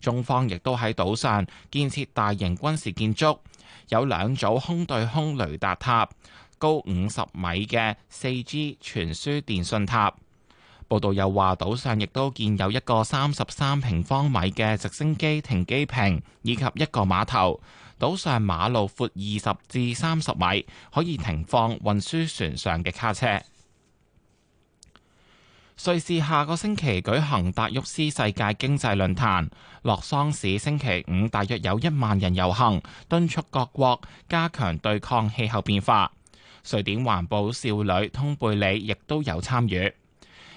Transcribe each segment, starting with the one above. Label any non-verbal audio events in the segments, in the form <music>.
中方亦都喺島上建設大型軍事建築，有兩組空對空雷達塔，高五十米嘅四 G 傳輸電信塔。報道又話，島上亦都建有一個三十三平方米嘅直升機停機坪，以及一個碼頭。島上馬路闊二十至三十米，可以停放運輸船上嘅卡車。瑞士下個星期舉行達沃斯世界經濟論壇，洛桑市星期五大約有一萬人遊行，敦促各國加強對抗氣候變化。瑞典環保少女通貝里亦都有參與。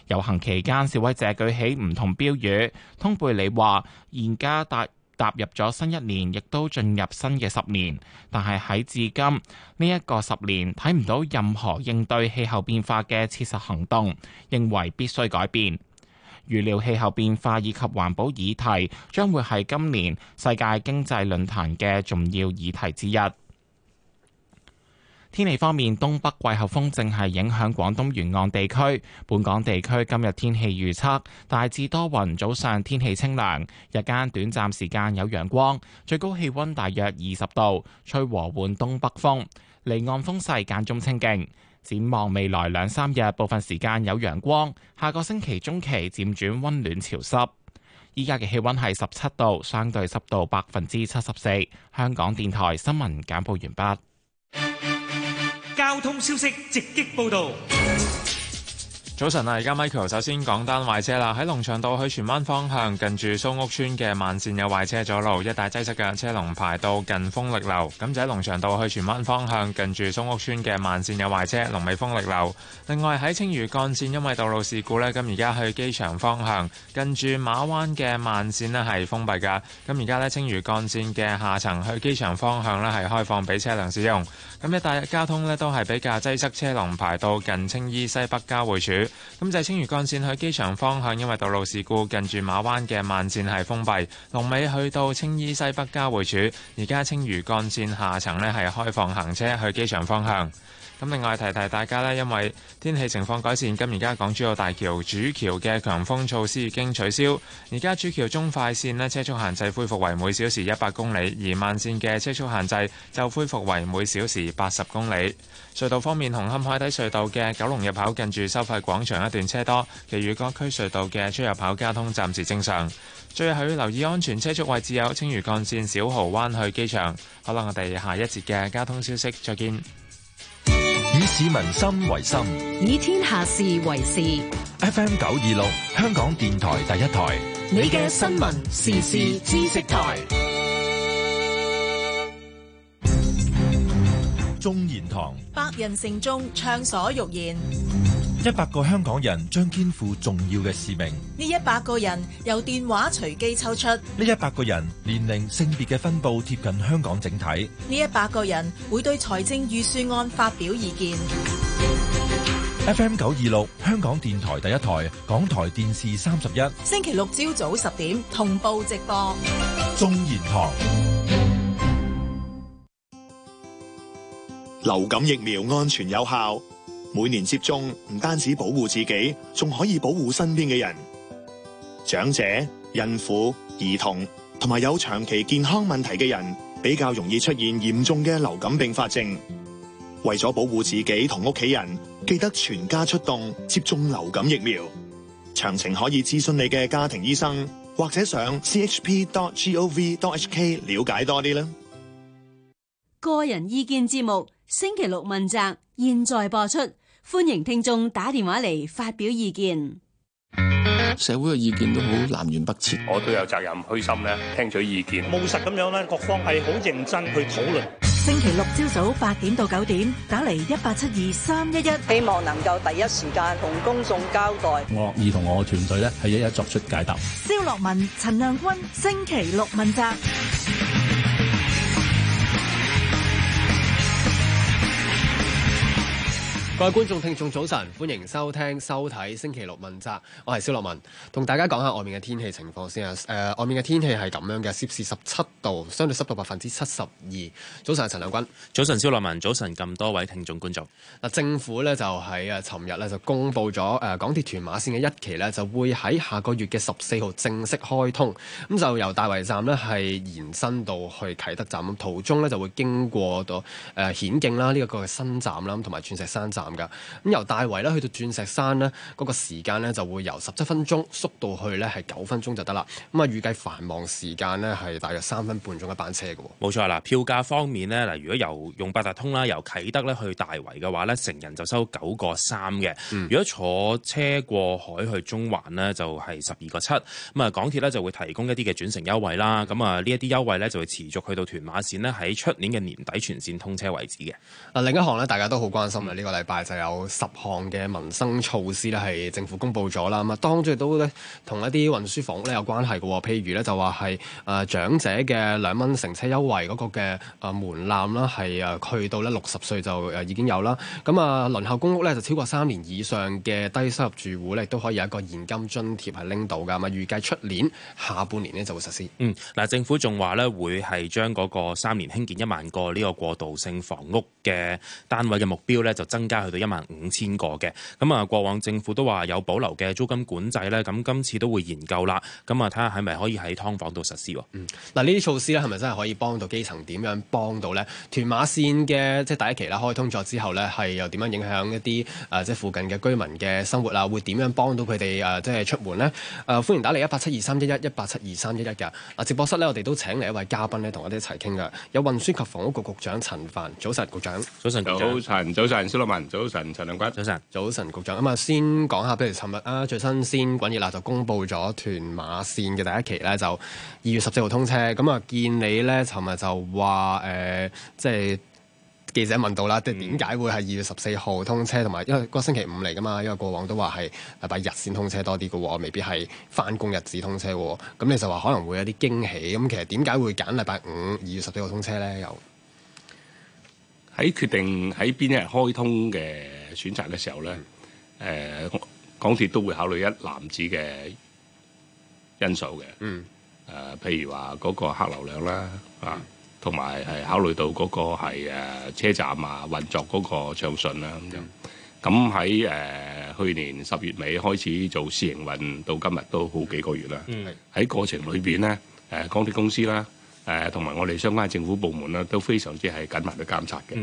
遊行期間，示威者舉起唔同標語。通貝里話：現家達踏入咗新一年，亦都進入新嘅十年，但係喺至今呢一個十年，睇唔到任何應對氣候變化嘅切實行動，認為必須改變。預料氣候變化以及環保議題將會係今年世界經濟論壇嘅重要議題之一。天氣方面，東北季候風正係影響廣東沿岸地區。本港地區今日天氣預測大致多雲，早上天氣清涼，日間短暫時間有陽光，最高氣溫大約二十度，吹和緩東北風。離岸風勢間中清勁。展望未來兩三日，部分時間有陽光。下個星期中期漸轉溫暖潮濕。依家嘅氣溫係十七度，相對濕度百分之七十四。香港電台新聞簡報完畢。交通消息直擊報道。早晨啊，而家 Michael 首先講單壞車啦。喺龍翔道去荃灣方向，近住蘇屋邨嘅慢線有壞車阻路，一帶擠塞嘅車龍排到近豐力樓。咁就喺龍翔道去荃灣方向，近住蘇屋邨嘅慢線有壞車，龍尾豐力樓。另外喺青嶼幹線，因為道路事故呢，咁而家去機場方向，近住馬灣嘅慢線呢係封閉㗎。咁而家呢，青嶼幹線嘅下層去機場方向呢係開放俾車輛使用。咁一帶交通呢都係比較擠塞，車龍排到近青衣西北交匯處。咁就係青衣幹線去機場方向，因為道路事故，近住馬灣嘅慢線係封閉，龍尾去到青衣西北交匯處，而家青衣幹線下層呢係開放行車去機場方向。咁另外提提大家咧，因為天氣情況改善，今而家港珠澳大橋主橋嘅強風措施已經取消。而家主橋中快線咧，車速限制恢復為每小時一百公里，而慢線嘅車速限制就恢復為每小時八十公里。隧道方面，紅磡海底隧道嘅九龍入口近住收費廣場一段車多，其餘各區隧道嘅出入口交通暫時正常。最後要留意安全車速位置有青嶼幹線小蠔灣去機場。好啦，我哋下一節嘅交通消息，再見。以市民心為心，以天下事為事。FM 九二六，香港電台第一台。你嘅新聞時事知識台，中言堂，百人盛中，暢所欲言。一百個香港人將肩負重要嘅使命。呢一百個人由電話隨機抽出。呢一百個人年齡性別嘅分布貼近香港整體。呢一百個人會對財政預算案發表意見。F M 九二六香港電台第一台，港台電視三十一。星期六朝早十點同步直播。眾言堂。流感疫苗安全有效。每年接種唔單止保護自己，仲可以保護身邊嘅人。長者、孕婦、兒童同埋有長期健康問題嘅人，比較容易出現嚴重嘅流感併發症。為咗保護自己同屋企人，記得全家出動接種流感疫苗。詳情可以諮詢你嘅家庭醫生，或者上 chp.gov.hk 了解多啲啦。個人意見節目星期六問責，現在播出。歡迎聽眾打電話嚟發表意見。社會嘅意見都好南轅北轍，我都有責任虛心咧，聽取意見務實咁樣咧，各方係好認真去討論。星期六朝早八點到九點，打嚟一八七二三一一，希望能夠第一時間同公眾交代。我樂意同我嘅團隊咧係一一作出解答。蕭洛汶、陳亮均，星期六問責。各位觀眾、聽眾，早晨，歡迎收聽、收睇《星期六問責》，我係蕭洛汶，同大家講下外面嘅天氣情況先啊。誒、呃，外面嘅天氣係咁樣嘅，攝氏十七度，相對濕度百分之七十二。早晨，陳亮均，早晨，蕭洛汶，早晨，咁多位聽眾觀眾。嗱，政府咧就喺啊，尋日咧就公布咗誒，港鐵屯馬線嘅一期咧就會喺下個月嘅十四號正式開通。咁就由大圍站咧係延伸到去啟德站，途中咧就會經過到誒顯徑啦，呢、這個個新站啦，同埋鑽石山站。咁由大圍咧去到鑽石山咧，嗰個時間咧就會由十七分鐘縮到去咧係九分鐘就得啦。咁啊，預計繁忙時間咧係大約三分半鐘一班車嘅。冇錯啦，票價方面呢，嗱，如果由用八達通啦，由啓德咧去大圍嘅話咧，成人就收九個三嘅。如果坐車過海去中環呢，就係十二個七。咁啊，港鐵呢就會提供一啲嘅轉乘優惠啦。咁啊，呢一啲優惠呢，就會持續去到屯馬綫咧喺出年嘅年底全綫通車為止嘅。啊，另一項咧大家都好關心嘅呢、嗯這個禮拜。就係有十項嘅民生措施咧，係政府公布咗啦。咁啊，當中亦都咧同一啲運輸房屋咧有關係嘅喎。譬如咧，就話係誒長者嘅兩蚊乘車優惠嗰個嘅誒門檻啦，係誒去到咧六十歲就誒已經有啦。咁啊，輪候公屋咧就超過三年以上嘅低收入住戶咧，都可以有一個現金津貼係拎到㗎。咁啊，預計出年下半年咧就會實施。嗯，嗱，政府仲話咧會係將嗰個三年興建一萬個呢個過渡性房屋嘅單位嘅目標咧，就增加。去到一萬五千個嘅，咁啊，過往政府都話有保留嘅租金管制咧，咁今次都會研究啦，咁啊，睇下係咪可以喺劏房度實施喎。嗯，嗱，呢啲措施咧係咪真係可以幫到基層點樣幫到咧？屯馬線嘅即係第一期啦，開通咗之後咧，係又點樣影響一啲誒即係附近嘅居民嘅生活啊？會點樣幫到佢哋誒即係出門呢，誒歡迎打嚟一八七二三一一一八七二三一一嘅。啊，直播室咧，我哋都請嚟一位嘉賓咧，同我哋一齊傾㗎，有運輸及房屋局局，局長陳帆，早晨局長。早晨，早晨，早晨，蕭洛汶。早晨，陳亮均，早晨。早晨，局長。咁啊，先講下，譬如尋日啊，最新鮮滾熱辣就公布咗屯馬線嘅第一期咧，就二月十四號通車。咁啊，見你咧，尋、呃、日就話誒，即係記者問到啦，即係點解會係二月十四號通車，同、嗯、埋因為嗰個星期五嚟㗎嘛？因為過往都話係禮拜日先通車多啲嘅喎，未必係返工日子通車喎。咁你就話可能會有啲驚喜。咁其實點解會揀禮拜五二月十四號通車咧？又？喺決定喺邊一日開通嘅選擇嘅時候咧，誒、嗯呃、港鐵都會考慮一攬子嘅因素嘅。嗯。誒、呃，譬如話嗰個客流量啦、嗯，啊，同埋考慮到嗰個係車車站啊運作嗰個暢順啦咁、嗯、就。咁喺、呃、去年十月尾開始做試營運，到今日都好幾個月啦。嗯。喺過程裏面咧、嗯呃，港鐵公司啦。誒同埋我哋相關嘅政府部門咧都非常之係緊密去監察嘅，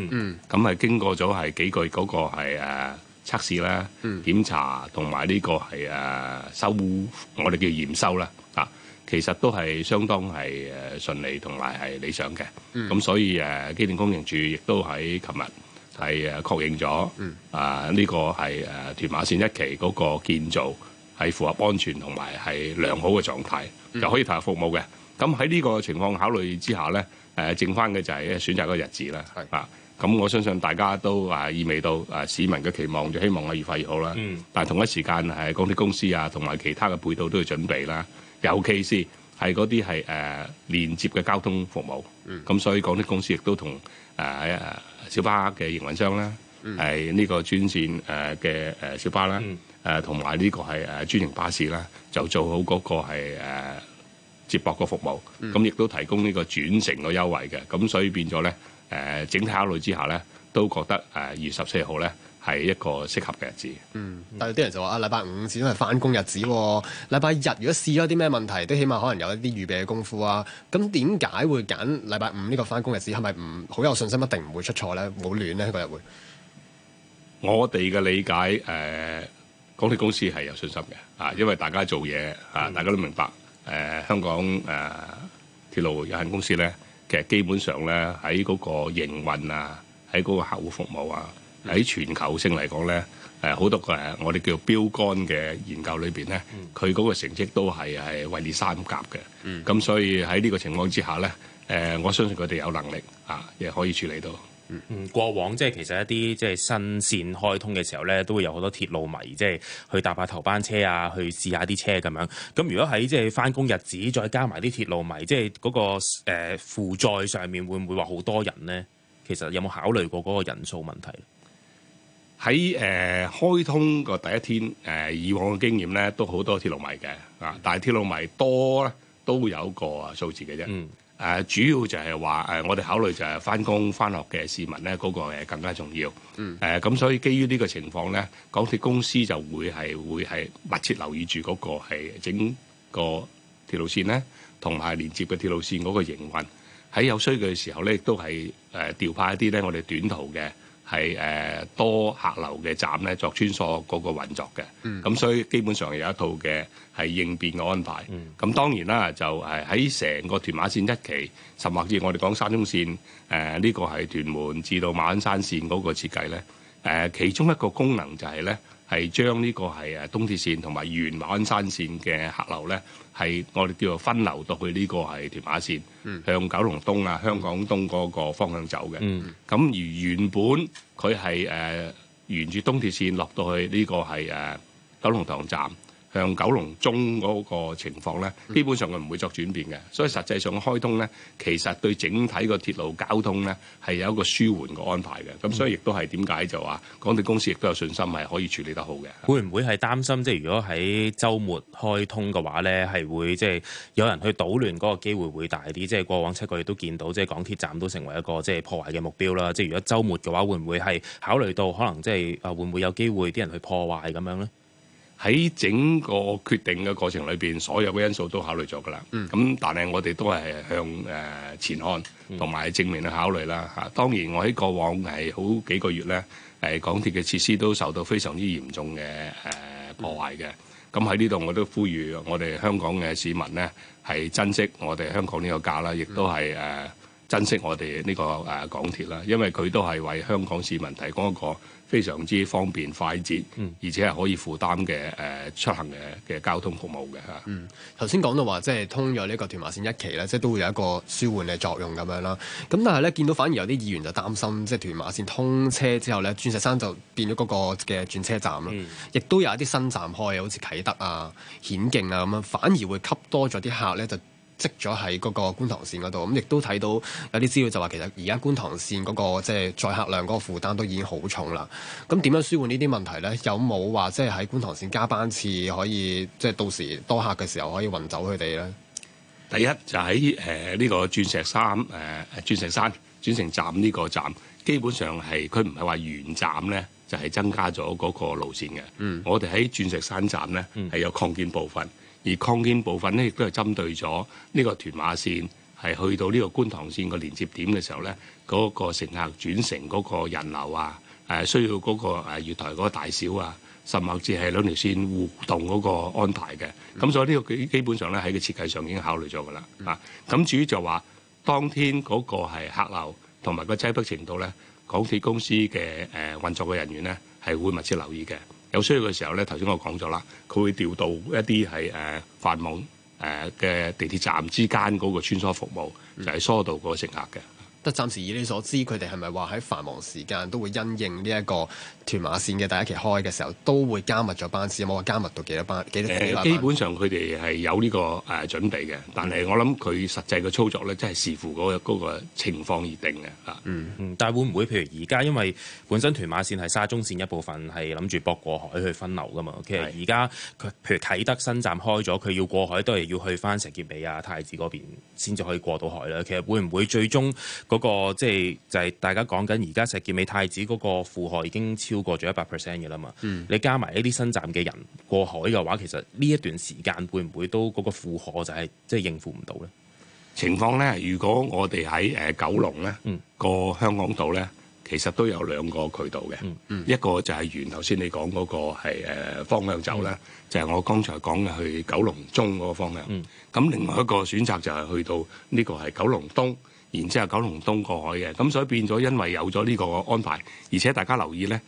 咁係經過咗係幾個月嗰個係誒測試啦、檢查同埋呢個係誒收我哋叫驗收啦，啊，其實都係相當係誒順利同埋係理想嘅，咁所以誒機電工程處亦都喺琴日係確認咗，啊呢個係誒屯馬線一期嗰個建造係符合安全同埋係良好嘅狀態，就可以投入服務嘅。咁喺呢個情況考慮之下咧、呃，剩返翻嘅就係選擇個日子啦。啊，咁我相信大家都啊意味到啊市民嘅期望，就希望我越快越好啦。嗯。但同一時間係港鐵公司啊，同埋其他嘅配套都要準備啦。尤其是係嗰啲係誒連接嘅交通服務。咁、嗯啊、所以港鐵公司亦都同誒小巴嘅營運商啦，係、嗯、呢、啊呢個專線誒嘅、呃、小巴啦，同埋呢個係誒專營巴士啦，就做好嗰個係接駁個服務，咁亦都提供呢個轉乘嘅優惠嘅，咁所以變咗咧，誒整體考慮之下咧，都覺得誒二月十四號咧係一個適合嘅日子。嗯，但係啲人就話啊，禮拜五始終係翻工日子喎，禮拜日如果試咗啲咩問題，都起碼可能有一啲預備嘅功夫啊。咁點解會揀禮拜五呢個翻工日子？係咪唔好有信心一定唔會出錯咧？冇亂咧嗰日會。我哋嘅理解，誒港鐵公司係有信心嘅啊，因為大家做嘢啊，大家都明白。誒、呃、香港誒、呃、鐵路有限公司咧，其實基本上咧喺嗰個營運啊，喺嗰個客戶服務啊，喺全球性嚟講咧，誒、呃、好多個我哋叫標竿嘅研究裏邊咧，佢嗰個成績都係係位列三甲嘅。咁、嗯、所以喺呢個情況之下咧，誒、呃、我相信佢哋有能力啊，亦可以處理到。嗯，過往即係其實一啲即係新線開通嘅時候咧，都會有好多鐵路迷即係去搭下頭班車啊，去試下啲車咁樣。咁如果喺即係翻工日子，再加埋啲鐵路迷，即係嗰、那個誒負、呃、載上面會唔會話好多人咧？其實有冇考慮過嗰個人數問題？喺誒、呃、開通嘅第一天，誒、呃、以往嘅經驗咧，都好多鐵路迷嘅啊，但係鐵路迷多咧都會有個數字嘅啫。嗯。誒主要就係話誒，我哋考慮就係返工返學嘅市民咧，嗰個誒更加重要。嗯，誒咁，所以基於呢個情況咧，港鐵公司就會係會係密切留意住嗰個係整個鐵路線咧，同埋連接嘅鐵路線嗰個營運。喺有需要嘅時候咧，亦都係誒調派一啲咧，我哋短途嘅。係誒、呃、多客流嘅站咧，作穿梭嗰個運作嘅，咁、嗯、所以基本上有一套嘅係應變嘅安排。咁、嗯、當然啦，就係喺成個屯馬線一期，甚至我哋講山中線，誒、呃、呢、呢個係屯門至到馬鞍山線嗰個設計咧，誒、呃、其中一個功能就係咧，係將呢個係誒東鐵線同埋原馬鞍山線嘅客流呢，係我哋叫做分流到去呢個係屯馬線，向九龍東啊、香港東嗰個方向走嘅。咁而原本佢係誒沿住東鐵線落到去呢個係誒、呃、九龍塘站。向九龍中嗰個情況咧，基本上佢唔會作轉變嘅，所以實際上開通咧，其實對整體個鐵路交通咧係有一個舒緩嘅安排嘅，咁所以亦都係點解就話港鐵公司亦都有信心係可以處理得好嘅。會唔會係擔心即係如果喺週末開通嘅話咧，係會即係有人去搗亂嗰個機會會大啲？即係過往七個月都見到，即係港鐵站都成為一個即係破壞嘅目標啦。即係如果週末嘅話，會唔會係考慮到可能即係啊會唔會有機會啲人去破壞咁樣咧？喺整個決定嘅過程裏邊，所有嘅因素都考慮咗㗎啦。咁、嗯、但係我哋都係向誒前看同埋正面嘅考慮啦。嚇，當然我喺過往係好幾個月咧，誒港鐵嘅設施都受到非常之嚴重嘅誒破壞嘅。咁喺呢度我都呼籲我哋香港嘅市民咧，係珍惜我哋香港呢個家啦，亦都係誒珍惜我哋呢個誒港鐵啦，因為佢都係為香港市民提供一個非常之方便快捷，而且係可以負擔嘅誒出行嘅嘅交通服務嘅嚇。頭先講到話即係通咗呢個屯馬線一期咧，即係都會有一個舒緩嘅作用咁樣啦。咁但係咧，見到反而有啲議員就擔心，即係屯馬線通車之後咧，鑽石山就變咗嗰個嘅轉車站啦。亦、嗯、都有一啲新站開，好似啟德啊、顯徑啊咁樣，反而會吸多咗啲客咧就。積咗喺嗰個觀塘線嗰度，咁亦都睇到有啲資料就話，其實而家觀塘線嗰、那個即係、就是、載客量嗰個負擔都已經好重啦。咁點樣舒緩呢啲問題呢？有冇話即係喺觀塘線加班次，可以即係、就是、到時多客嘅時候可以運走佢哋呢？第一就喺誒呢個鑽石山誒、呃、鑽石山轉乘站呢個站，基本上係佢唔係話原站呢，就係、是、增加咗嗰個路線嘅。嗯，我哋喺鑽石山站呢，係、嗯、有擴建部分。而擴建部分咧，亦都係針對咗呢個屯馬線，係去到呢個觀塘線個連接點嘅時候咧，嗰個乘客轉乘嗰個人流啊，誒需要嗰個誒月台嗰個大小啊，甚至係兩條線互動嗰個安排嘅。咁所以呢個基基本上咧喺個設計上已經考慮咗噶啦。啊，咁至於就話當天嗰個係客流同埋個擠迫程度咧，港鐵公司嘅誒運作嘅人員咧係會密切留意嘅。有需要嘅時候呢，頭先我講咗啦，佢會調到一啲係誒繁忙誒嘅地鐵站之間嗰個穿梭服務，嚟疏導嗰個乘客嘅。但暫時以你所知，佢哋係咪話喺繁忙時間都會因應呢、這、一個？屯馬線嘅第一期開嘅時候，都會加密咗班次，冇話加密到幾多班，幾多少啊班。基本上佢哋係有呢個誒準備嘅，但係我諗佢實際嘅操作咧，真係視乎嗰個情況而定嘅嚇、嗯。嗯，但係會唔會譬如而家因為本身屯馬線係沙中線一部分，係諗住駁過海去分流噶嘛？其實而家佢譬如啟德新站開咗，佢要過海都係要去返石硤尾啊太子嗰邊先至可以過到海啦。其實會唔會最終嗰，那個即係就係，是，大家講緊而家石硤尾太子嗰個負荷已經超？過咗一百 percent 嘅啦嘛，你加埋一啲新站嘅人過海嘅話，其實呢一段時間會唔會都嗰個負荷就係即係應付唔到咧？情況咧，如果我哋喺誒九龍咧、嗯，過香港島咧，其實都有兩個渠道嘅、嗯嗯，一個就係源頭先你講嗰個係誒、呃、方向走咧、嗯，就係、是、我剛才講嘅去九龍中嗰個方向。咁、嗯、另外一個選擇就係去到呢個係九龍東，然之後九龍東過海嘅。咁所以變咗因為有咗呢個安排，而且大家留意咧。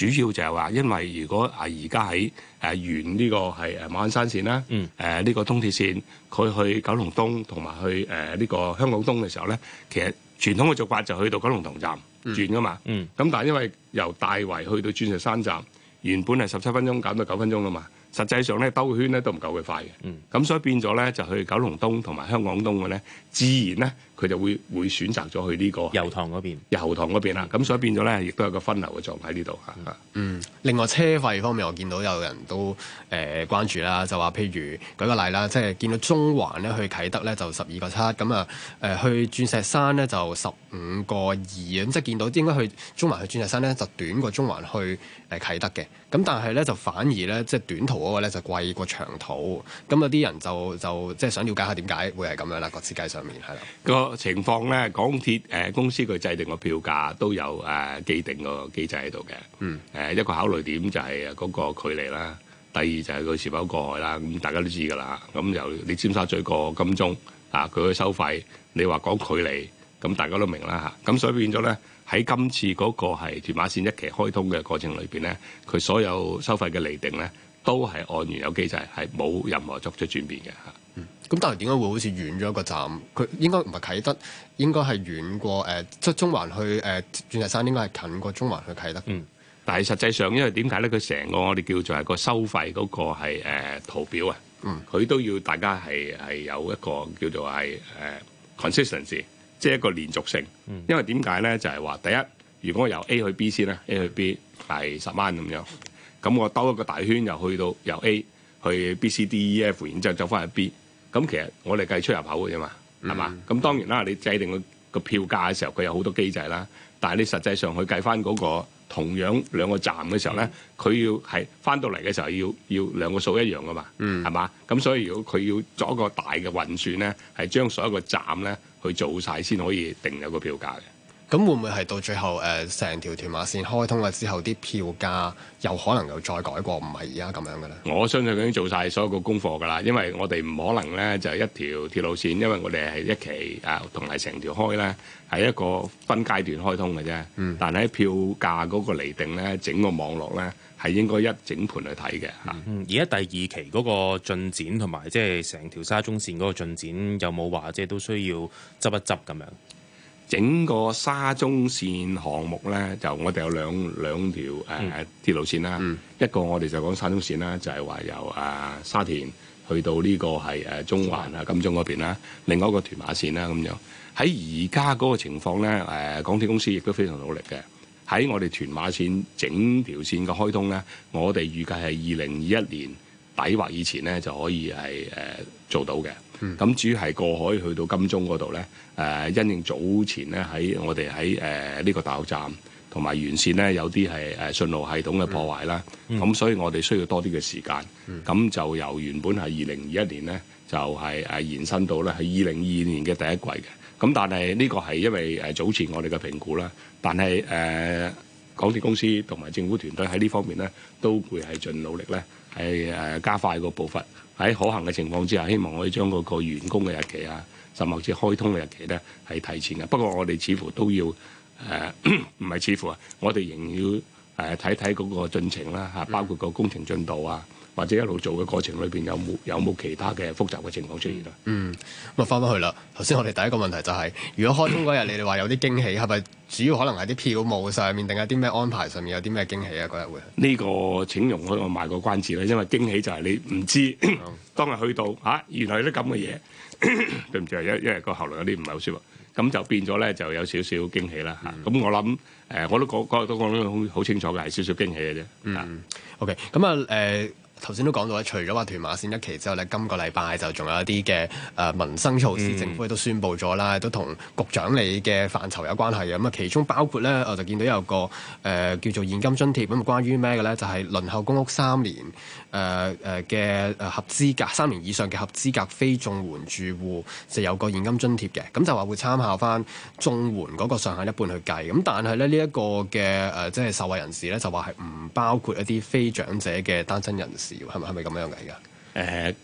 主要就係話，因為如果啊而家喺誒沿呢個係誒馬鞍山線啦，誒、嗯、呢、呃呢個東鐵線，佢去九龍東同埋去誒呢、呃呢個香港東嘅時候咧，其實傳統嘅習慣就去到九龍塘站轉噶嘛。咁、嗯嗯、但係因為由大圍去到鑽石山站，原本係十七分鐘減到九分鐘啦嘛，實際上咧兜圈咧都唔夠佢快嘅。咁、嗯、所以變咗咧就去九龍東同埋香港東嘅咧，自然咧。佢就會會選擇咗去呢、這個油塘嗰邊，油塘嗰邊啦，咁、嗯、所以變咗咧，亦都有個分流嘅狀況喺呢度嚇。嗯，另外車費方面，我見到有人都誒、呃、關注啦，就話譬如舉個例啦，即係見到中環咧去啟德咧就十二個七，咁啊誒去鑽石山咧就十五個二，咁即係見到啲應該去中環去鑽石山咧就短過中環去誒啟德嘅，咁但係咧就反而咧即係短途嗰個咧就貴過長途，咁有啲人就就即係想了解下點解會係咁樣啦？個設計上面係啦。個情況咧，港鐵誒公司佢制定個票價都有誒既定個機制喺度嘅。誒一個考慮點就係嗰個距離啦，第二就係佢是否過海啦。咁大家都知㗎啦。咁由你尖沙咀過金鐘啊，佢嘅收費，你話講距離，咁大家都明啦嚇。咁所以變咗咧，喺今次嗰個係屯馬線一期開通嘅過程裏邊咧，佢所有收費嘅釐定咧，都係按原有機制，係冇任何作出轉變嘅嚇。咁但係點解會好似遠咗一個站？佢應該唔係啟德，應該係遠過即出、呃、中環去誒鑽石山，應該係近過中環去啟德。嗯。但係實際上，因為點解咧？佢成個我哋叫做係個收費嗰個係誒圖表啊。嗯。佢都要大家係係有一個叫做係誒 consistency，、嗯、即係一個連續性。嗯、因為點解咧？就係、是、話第一，如果我由 A 去 B 先啦 A 去 B 係十蚊咁樣。咁我兜一個大圈又去到由 A 去 B、C、D、E、F，然之後走翻去 B。咁其實我哋計出入口嘅啫嘛，係、嗯、嘛？咁當然啦，你制定個票價嘅時候，佢有好多機制啦。但係你實際上去計翻嗰、嗰個同樣兩個站嘅時候咧，佢、嗯、要係翻到嚟嘅時候要要兩個數一樣噶嘛，係、嗯、嘛？咁所以如果佢要做一個大嘅運算咧，係將所有個站咧去做晒先可以定有個票價嘅。咁會唔會係到最後誒成、呃、條屯馬線開通啦之後啲票價又可能又再改過，唔係而家咁樣嘅咧？我相信已經做晒所有個功課㗎啦，因為我哋唔可能咧就一條鐵路線，因為我哋係一期啊同埋成條開咧係一個分階段開通嘅啫、嗯。但係票價嗰個釐定咧，整個網絡咧係應該一整盤去睇嘅嚇。而、嗯、家第二期嗰個進展同埋即係成條沙中線嗰個進展有冇話即係都需要執一執咁樣？整個沙中線項目呢，就我哋有兩兩條誒、呃、鐵路線啦、嗯。一個我哋就講沙中線啦，就係、是、話由啊、呃、沙田去到呢個係誒中環啊金鐘嗰邊啦。另外一個屯馬線啦咁樣。喺而家嗰個情況呢，呃、港鐵公司亦都非常努力嘅。喺我哋屯馬線整條線嘅開通呢，我哋預計係二零二一年底或以前呢就可以係、呃、做到嘅。咁至於係過海去到金鐘嗰度咧，誒、呃、因應早前咧喺我哋喺誒呢個大學站同埋沿線咧有啲係誒信號系統嘅破壞啦，咁、嗯、所以我哋需要多啲嘅時間，咁、嗯、就由原本係二零二一年咧就係、是呃、延伸到咧喺二零二二年嘅第一季嘅，咁但係呢個係因為、呃、早前我哋嘅評估啦，但係誒。呃港鐵公司同埋政府團隊喺呢方面咧，都會係盡努力咧，係誒加快個步伐，喺可行嘅情況之下，希望可以將嗰個完工嘅日期啊，甚至開通嘅日期咧係提前嘅。不過我哋似乎都要誒，唔係似乎啊，我哋仍要誒睇睇嗰個進程啦，嚇，包括個工程進度啊。嗯或者一路做嘅過程裏邊有冇有冇其他嘅複雜嘅情況出現咧？嗯，咁啊，翻返去啦。頭先我哋第一個問題就係、是，如果開通嗰日子 <coughs> 你哋話有啲驚喜，係咪主要可能係啲票務上面，定係啲咩安排上面有啲咩驚喜啊？嗰日會呢個請容我我賣個關子啦，因為驚喜就係你唔知道、嗯、 <coughs> 當日去到嚇、啊，原來有啲咁嘅嘢。對唔住，因因為個喉嚨有啲唔係好舒服，咁就變咗咧就有少少驚喜啦嚇。咁、嗯、我諗誒，我都講都講得好清楚嘅，係少少驚喜嘅啫。OK 咁啊誒。Okay, 頭先都講到咧，除咗話屯馬線一期之後咧，今個禮拜就仲有一啲嘅誒民生措施，嗯、政府都宣布咗啦，都同局長你嘅範疇有關係嘅。咁啊，其中包括咧，我就見到有個、呃、叫做現金津貼咁，關於咩嘅咧？就係、是、輪候公屋三年嘅合資格三年以上嘅合資格非綜援住戶就有個現金津貼嘅。咁就話會參考翻綜援嗰個上限一半去計。咁但係咧呢一、這個嘅即係受惠人士咧，就話係唔包括一啲非長者嘅單身人士。係咪，係咪咁樣嚟㗎？誒、呃，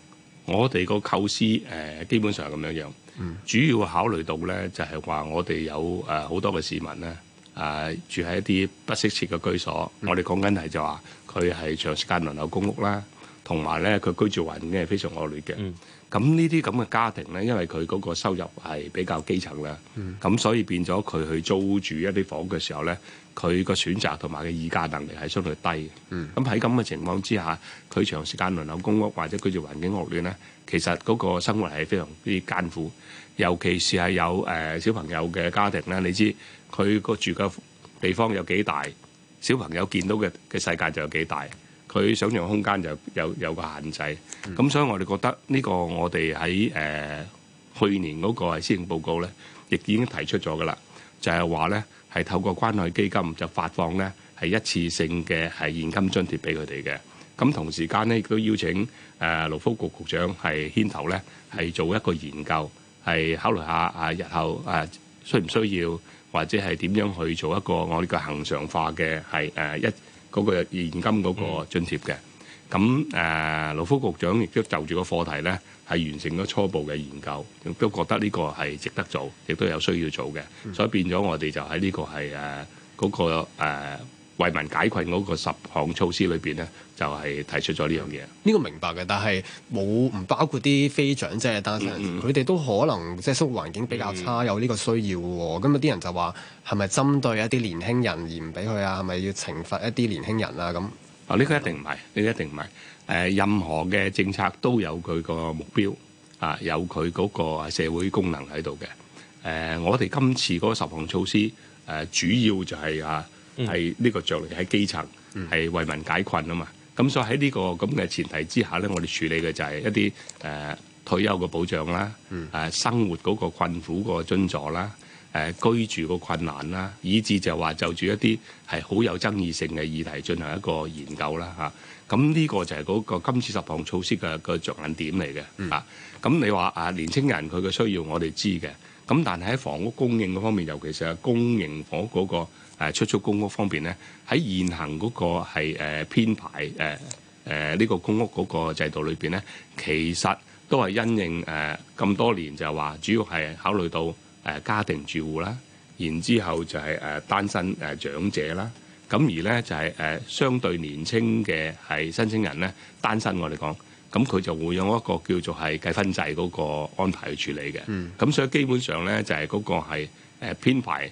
我哋個構思誒、呃，基本上係咁樣樣。嗯，主要考慮到咧，就係、是、話我哋有誒好、呃、多嘅市民咧，誒、呃、住喺一啲不適切嘅居所。嗯、我哋講緊係就話佢係長時間輪候公屋啦，同埋咧佢居住環境係非常惡劣嘅。嗯。咁呢啲咁嘅家庭咧，因為佢嗰個收入係比較基層啦，咁、mm. 所以變咗佢去租住一啲房嘅時候咧，佢個選擇同埋嘅議價能力係相對低。咁喺咁嘅情況之下，佢長時間輪流公屋或者佢住環境惡劣咧，其實嗰個生活係非常之艱苦，尤其是係有、呃、小朋友嘅家庭咧。你知佢個住嘅地方有幾大，小朋友見到嘅嘅世界就有幾大。佢想象空間就有有個限制，咁所以我哋覺得呢個我哋喺誒去年嗰個係施政報告咧，亦已經提出咗噶啦，就係話咧係透過關愛基金就發放咧係一次性嘅係現金津貼俾佢哋嘅，咁同時間咧亦都邀請誒勞福局局長係牽頭咧係做一個研究，係考慮下啊日後誒需唔需要或者係點樣去做一個我哋個恆常化嘅係誒一。嗰、那個現金嗰個津貼嘅，咁誒，勞、啊、福局長亦都就住個課題呢，係完成咗初步嘅研究，亦都覺得呢個係值得做，亦都有需要做嘅，所以變咗我哋就喺呢個係誒嗰個誒。啊為民解困嗰個十項措施裏邊咧，就係、是、提出咗呢樣嘢。呢、這個明白嘅，但係冇唔包括啲非長者單身，佢、嗯、哋都可能即係生活環境比較差，嗯、有呢個需要喎。咁有啲人就話係咪針對一啲年輕人而唔俾佢啊？係咪要懲罰一啲年輕人啊？咁啊？呢、這個一定唔係，呢、嗯這個一定唔係。誒，任何嘅政策都有佢個目標啊，有佢嗰個社會功能喺度嘅。誒，我哋今次嗰十項措施誒，主要就係啊。係呢個着力喺基層，係為民解困啊嘛。咁所以喺呢個咁嘅前提之下咧，我哋處理嘅就係一啲誒、呃、退休嘅保障啦、呃，生活嗰個困苦個津助啦、呃，居住個困難啦，以至就話就住一啲係好有爭議性嘅議題進行一個研究啦嚇。咁、啊、呢個就係嗰個今次十項措施嘅、那個着眼點嚟嘅啊。咁你話啊，年青人佢嘅需要我哋知嘅，咁但係喺房屋供應嗰方面，尤其是係公營房屋嗰、那個。誒出租公屋方面，咧，喺現行嗰個係誒編排誒誒呢個公屋嗰個制度裏邊，咧，其實都係因應誒咁、呃、多年就係話，主要係考慮到誒家庭住戶啦，然之後就係誒單身誒長者啦，咁而咧就係誒相對年輕嘅係申請人咧單身我，我哋講，咁佢就會用一個叫做係計分制嗰個安排去處理嘅。咁、嗯、所以基本上咧就係嗰個係誒編排。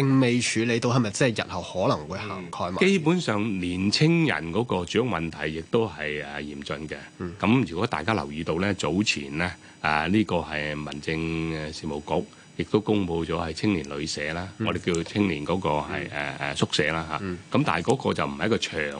並未處理到係咪真係日後可能會行開嘛？基本上年青人嗰個住屋問題亦都係誒嚴峻嘅。咁、嗯、如果大家留意到咧，早前咧啊呢、呢個係民政事務局亦都公布咗係青年旅社啦、嗯，我哋叫青年嗰個係誒、嗯啊、宿舍啦嚇。咁、嗯、但係嗰個就唔係一個長遠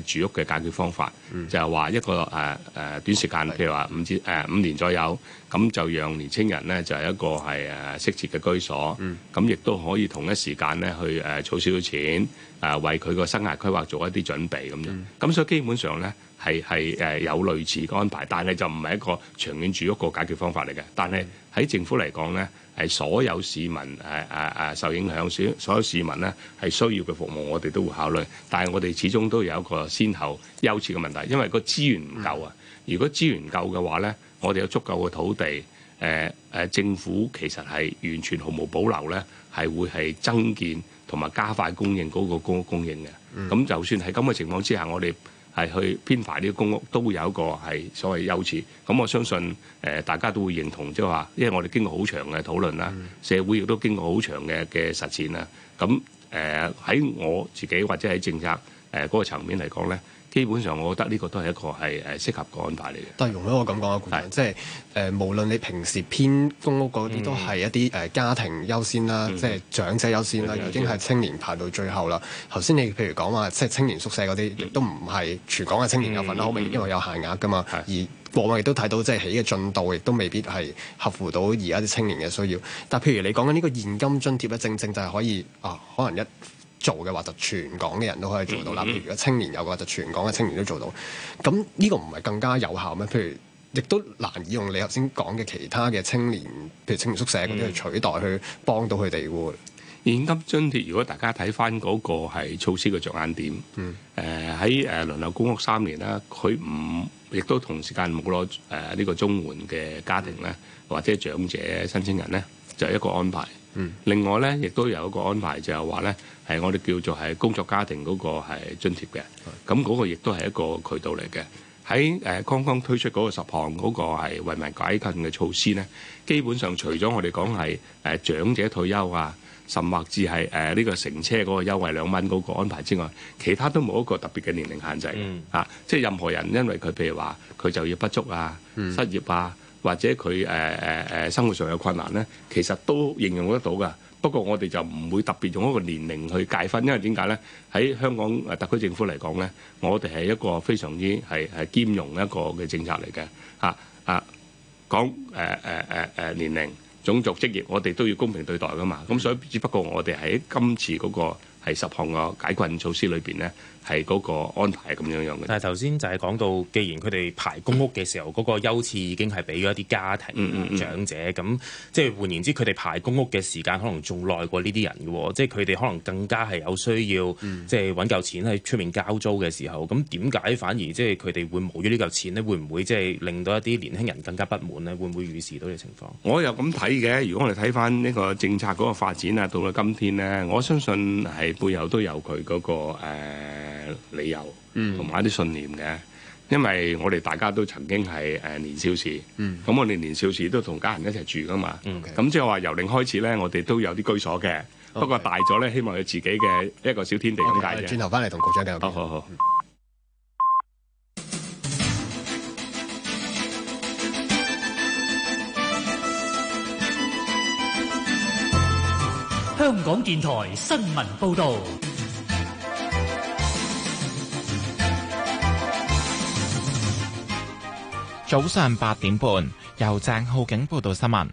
嘅住屋嘅解決方法，嗯、就係、是、話一個誒誒短時間，譬如話五至誒五年左右。咁就讓年青人咧，就係、是、一個係誒適切嘅居所，咁亦都可以同一時間咧去誒、啊、儲少少錢，誒、啊、為佢個生涯規劃做一啲準備咁咁、嗯、所以基本上咧，係係有類似嘅安排，但係就唔係一個長遠住屋個解決方法嚟嘅。但係喺政府嚟講咧，係所有市民、啊啊啊、受影響，所所有市民咧係需要嘅服務，我哋都會考慮。但係我哋始終都有一個先後優次嘅問題，因為個資源唔夠啊、嗯。如果資源夠嘅話咧。我哋有足夠嘅土地，誒、呃、誒政府其實係完全毫無保留咧，係會係增建同埋加快供應嗰個公屋供應嘅。咁、mm. 就算係咁嘅情況之下，我哋係去編排呢個公屋，都會有一個係所謂優次。咁我相信誒大家都會認同，即係話因為我哋經過好長嘅討論啦，mm. 社會亦都經過好長嘅嘅實踐啦。咁誒喺我自己或者喺政策誒嗰個層面嚟講咧。基本上，我覺得呢個都係一個係誒適合個安排嚟嘅。但係容許我咁講嘅顧問，即係誒、呃，無論你平時編公屋嗰啲，都係一啲誒家庭優先啦，嗯、即係長者優先啦，嗯、已經係青年排到最後啦。頭先你譬如講話，即係青年宿舍嗰啲，亦都唔係全港嘅青年有份啦，好明顯因為有限額㗎嘛。而我哋亦都睇到，即係起嘅進度亦都未必係合乎到而家啲青年嘅需要。但譬如你講緊呢個現金津貼咧，正正就係可以啊，可能一。做嘅話就全港嘅人都可以做到啦，譬如如果青年有嘅話就全港嘅青年都做到，咁呢個唔係更加有效咩？譬如亦都難以用你頭先講嘅其他嘅青年，譬如青年宿舍嗰啲、嗯、去取代去幫到佢哋喎。現金津貼如果大家睇翻嗰個係措施嘅着眼點，誒喺誒輪候公屋三年啦，佢唔亦都同時間冇攞誒呢個綜援嘅家庭咧、嗯，或者長者申請人咧，就是、一個安排。嗯、另外咧，亦都有一個安排，就係話咧，我哋叫做係工作家庭嗰個係津貼嘅。咁、那、嗰個亦都係一個渠道嚟嘅。喺誒剛剛推出嗰個十項嗰個係為民解困嘅措施咧，基本上除咗我哋講係誒長者退休啊，甚或至係誒呢個乘車嗰個優惠兩蚊嗰個安排之外，其他都冇一個特別嘅年齡限制、嗯、啊，即、就、係、是、任何人，因為佢譬如話佢就業不足啊、嗯、失業啊。或者佢誒誒誒生活上有困難呢，其實都應用得到㗎。不過我哋就唔會特別用一個年齡去界分，因為點解呢？喺香港誒特區政府嚟講呢，我哋係一個非常之係係兼容一個嘅政策嚟嘅吓，啊，講誒誒誒誒年齡、種族、職業，我哋都要公平對待㗎嘛。咁所以只不過我哋喺今次嗰個係十項嘅解困措施裏邊呢。係嗰個安排咁樣樣嘅。但係頭先就係講到，既然佢哋排公屋嘅時候，嗰、嗯嗰個優次已經係俾咗一啲家庭、嗯嗯、長者，咁即係換言之，佢哋排公屋嘅時間可能仲耐過呢啲人嘅喎，即係佢哋可能更加係有需要，嗯、即係揾夠錢喺出面交租嘅時候。咁點解反而即係佢哋會冇咗呢嚿錢呢？會唔會即係令到一啲年輕人更加不滿呢？會唔會預示到嘅情況？我又咁睇嘅。如果我哋睇翻呢個政策嗰個發展啊，到咗今天呢，我相信係背後都有佢嗰、嗰個、呃理由同埋一啲信念嘅，因為我哋大家都曾經係誒年少時，咁、嗯、我哋年少時都同家人一齊住噶嘛，咁即係話由零開始咧，我哋都有啲居所嘅，okay. 不過大咗咧，希望有自己嘅一個小天地咁解啫。轉頭翻嚟同局長嘅。好好好、嗯。香港電台新聞報道。早上八點半，由鄭浩景報道新聞。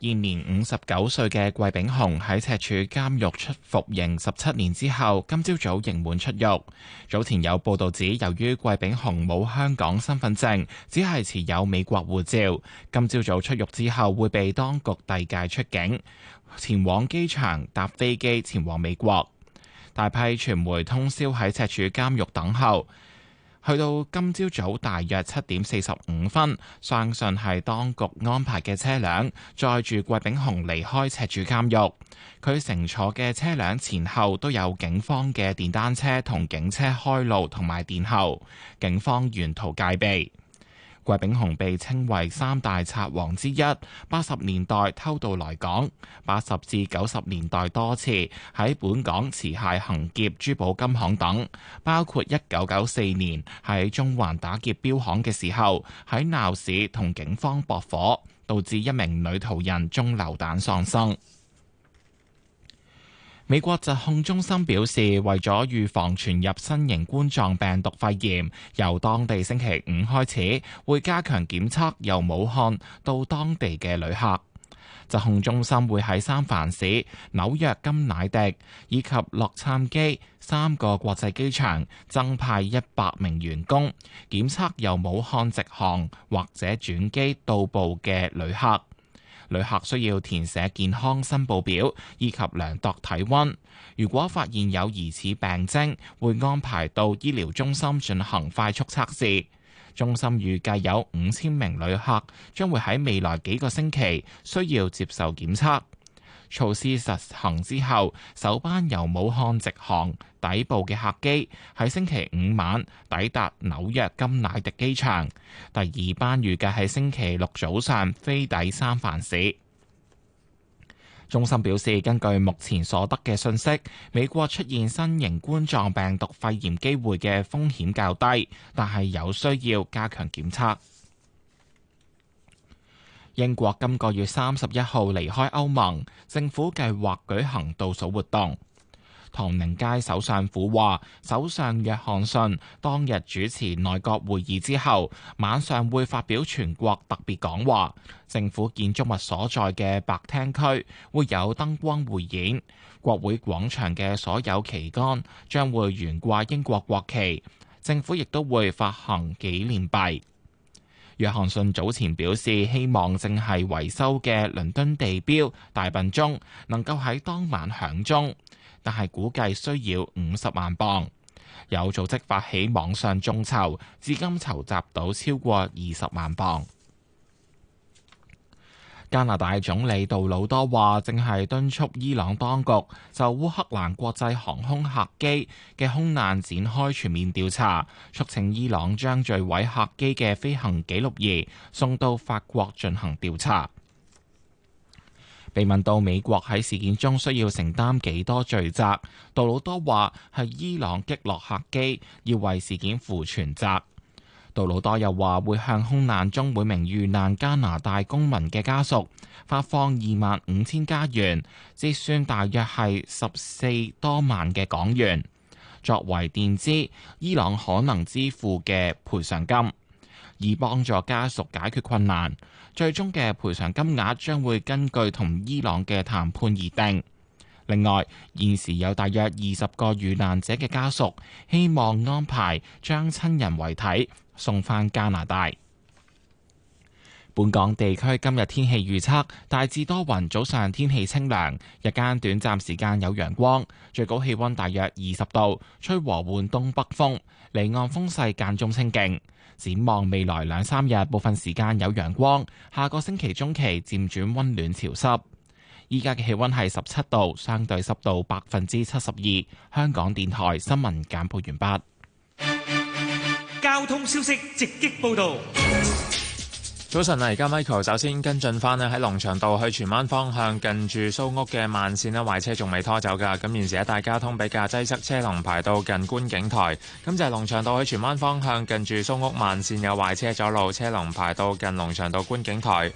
現年五十九歲嘅季炳雄喺赤柱監獄出服刑十七年之後，今朝早刑滿出獄。早前有報道指，由於季炳雄冇香港身份證，只係持有美國護照，今朝早出獄之後會被當局遞解出境，前往機場搭飛機前往美國。大批傳媒通宵喺赤柱監獄等候。去到今朝早，早大約七點四十五分，相信係當局安排嘅車輛載住郭炳雄離開赤柱監獄。佢乘坐嘅車輛前後都有警方嘅電單車同警車開路同埋殿後，警方沿途戒備。季炳雄被稱為三大賊王之一，八十年代偷渡來港，八十至九十年代多次喺本港持械行劫珠寶金行等，包括一九九四年喺中環打劫標行嘅時候，喺鬧市同警方駁火，導致一名女途人中流彈喪生。美國疾控中心表示，為咗預防傳入新型冠狀病毒肺炎，由當地星期五開始，會加強檢測由武漢到當地嘅旅客。疾控中心會喺三藩市、紐約金乃迪以及洛杉磯三個國際機場增派一百名員工，檢測由武漢直航或者轉機到埗嘅旅客。旅客需要填寫健康申報表以及量度體溫，如果發現有疑似病症，會安排到醫療中心進行快速測試，中心預計有五千名旅客將會喺未來幾個星期需要接受檢測。措施實行之後，首班由武漢直航底部嘅客機喺星期五晚抵達紐約金乃迪機場。第二班預計喺星期六早上飛抵三藩市。中心表示，根據目前所得嘅信息，美國出現新型冠狀病毒肺炎機會嘅風險較低，但係有需要加強檢測。英國今個月三十一號離開歐盟，政府計劃舉行倒數活動。唐寧街首相府話，首相約翰遜當日主持內閣會議之後，晚上會發表全國特別講話。政府建築物所在嘅白廳區會有燈光匯演，國會廣場嘅所有旗杆將會懸掛英國國旗。政府亦都會發行紀念幣。約翰遜早前表示，希望正係維修嘅倫敦地標大笨鐘能夠喺當晚響鐘，但係估計需要五十萬鎊。有組織發起網上眾籌，至今籌集到超過二十萬鎊。加拿大總理杜魯多話：正係敦促伊朗當局就烏克蘭國際航空客機嘅空難展開全面調查，促請伊朗將墜毀客機嘅飛行記錄儀送到法國進行調查。被問到美國喺事件中需要承擔幾多罪責，杜魯多話：係伊朗擊落客機，要為事件負全責。杜魯多又話，會向空難中每名遇難加拿大公民嘅家屬發放二萬五千加元，折算大約係十四多萬嘅港元，作為墊資。伊朗可能支付嘅賠償金，以幫助家屬解決困難。最終嘅賠償金額將會根據同伊朗嘅談判而定。另外，現時有大約二十個遇難者嘅家屬希望安排將親人遺體。送返加拿大。本港地區今日天氣預測大致多雲，早上天氣清涼，日間短暫時間有陽光，最高氣溫大約二十度，吹和緩東北風，離岸風勢間中清勁。展望未來兩三日，部分時間有陽光，下個星期中期漸轉溫暖潮濕。依家嘅氣溫係十七度，相對濕度百分之七十二。香港電台新聞簡報完畢。交通消息直擊報道。早晨啊，而家 Michael 首先跟進返咧，喺龍翔道去荃灣方向近住蘇屋嘅慢線咧，壞車仲未拖走噶。咁現時一帶交通比較擠塞，車龍排到近觀景台。咁就係龍翔道去荃灣方向近住蘇屋慢線有壞車阻路，車龍排到近龍翔道觀景台。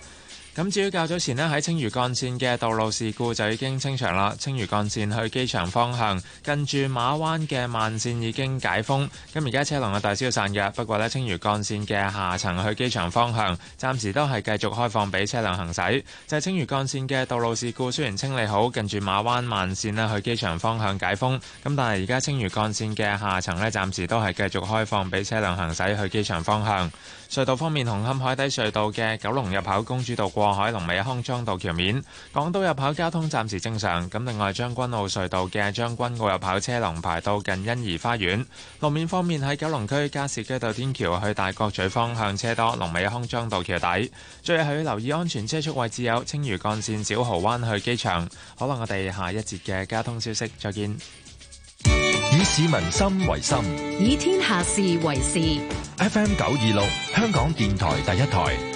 咁至於較早前呢，喺青嶼幹線嘅道路事故就已經清場啦。青嶼幹線去機場方向，近住馬灣嘅慢線已經解封。咁而家車龍嘅大消散嘅。不過呢，青嶼幹線嘅下層去機場方向，暫時都係繼續開放俾車輛行駛。就係、是、青嶼幹線嘅道路事故雖然清理好，近住馬灣慢線呢去機場方向解封。咁但係而家青嶼幹線嘅下層呢，暫時都係繼續開放俾車輛行駛去機場方向。隧道方面，紅磡海底隧道嘅九龍入口公主道過過海龍尾康莊道橋面，港島入口交通暫時正常。咁另外將軍澳隧道嘅將軍澳入口車龍排到近欣怡花園。路面方面喺九龍區加士居道天橋去大角咀方向車多，龍尾康莊道橋底。最後要留意安全車速位置有青嶼幹線小蠔灣去機場。好啦，我哋下一節嘅交通消息再見。以市民心為心，以天下事為事。FM 九二六，香港電台第一台。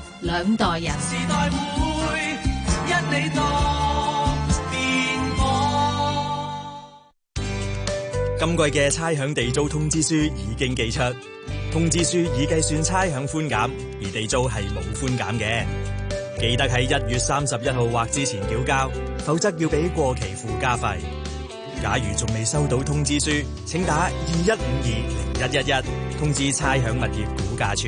兩代人，時代會因你多變改。今季嘅差餉地租通知書已經寄出，通知書已計算差餉寬減，而地租係冇寬減嘅。記得喺一月三十一號或之前繳交，否則要俾過期附加費。假如仲未收到通知書，請打二一五二零一一一通知差餉物業估價處。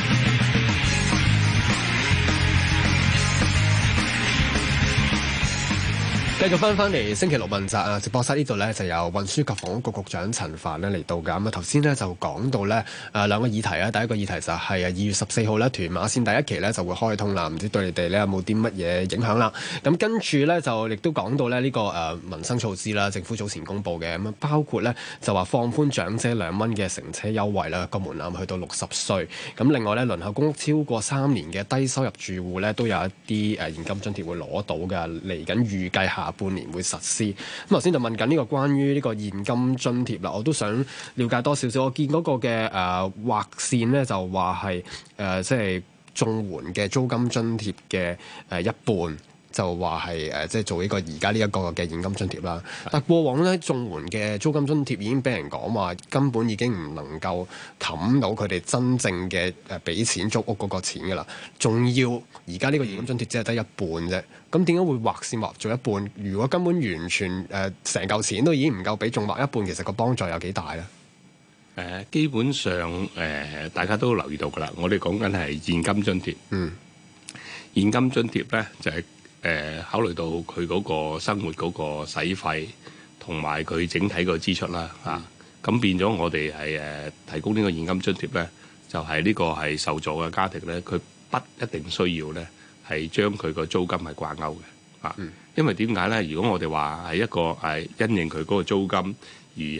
繼續翻翻嚟，星期六問責啊直播室呢度呢，就由運輸及房屋局局長陳帆呢嚟到噶。咁啊頭先呢，就講到呢誒兩個議題，第一個議題就係啊二月十四號呢，屯馬綫第一期呢就會開通啦，唔知對你哋呢有冇啲乜嘢影響啦。咁跟住呢，就亦都講到呢呢個誒民生措施啦，政府早前公布嘅，咁包括呢，就話放寬長者兩蚊嘅乘車優惠啦，個門檻去到六十歲。咁另外呢，輪候公屋超過三年嘅低收入住戶呢，都有一啲誒現金津貼會攞到噶，嚟緊預計下。半年會實施咁，頭先就問緊呢個關於呢個現金津貼啦。我都想了解多少少。我見嗰個嘅誒、呃、劃線咧，就話係誒即係綜援嘅租金津貼嘅誒、呃、一半就，就話係誒即係做呢個而家呢一個嘅現金津貼啦。但係過往咧，綜援嘅租金津貼已經俾人講話根本已經唔能夠冚到佢哋真正嘅誒俾錢租屋嗰個錢㗎啦。仲要而家呢個現金津貼只係得一半啫。咁點解會畫線畫咗一半？如果根本完全誒成嚿錢都已經唔夠俾，仲畫一半，其實個幫助有幾大咧、呃？基本上、呃、大家都留意到噶啦，我哋講緊係現金津貼。嗯，現金津貼咧就係、是呃、考慮到佢嗰個生活嗰個使費同埋佢整體個支出啦、嗯。啊，咁變咗我哋係、呃、提供呢個現金津貼咧，就係、是、呢個係受助嘅家庭咧，佢不一定需要咧。係將佢個租金係掛鈎嘅啊，因為點解咧？如果我哋話係一個係、啊、因應佢嗰個租金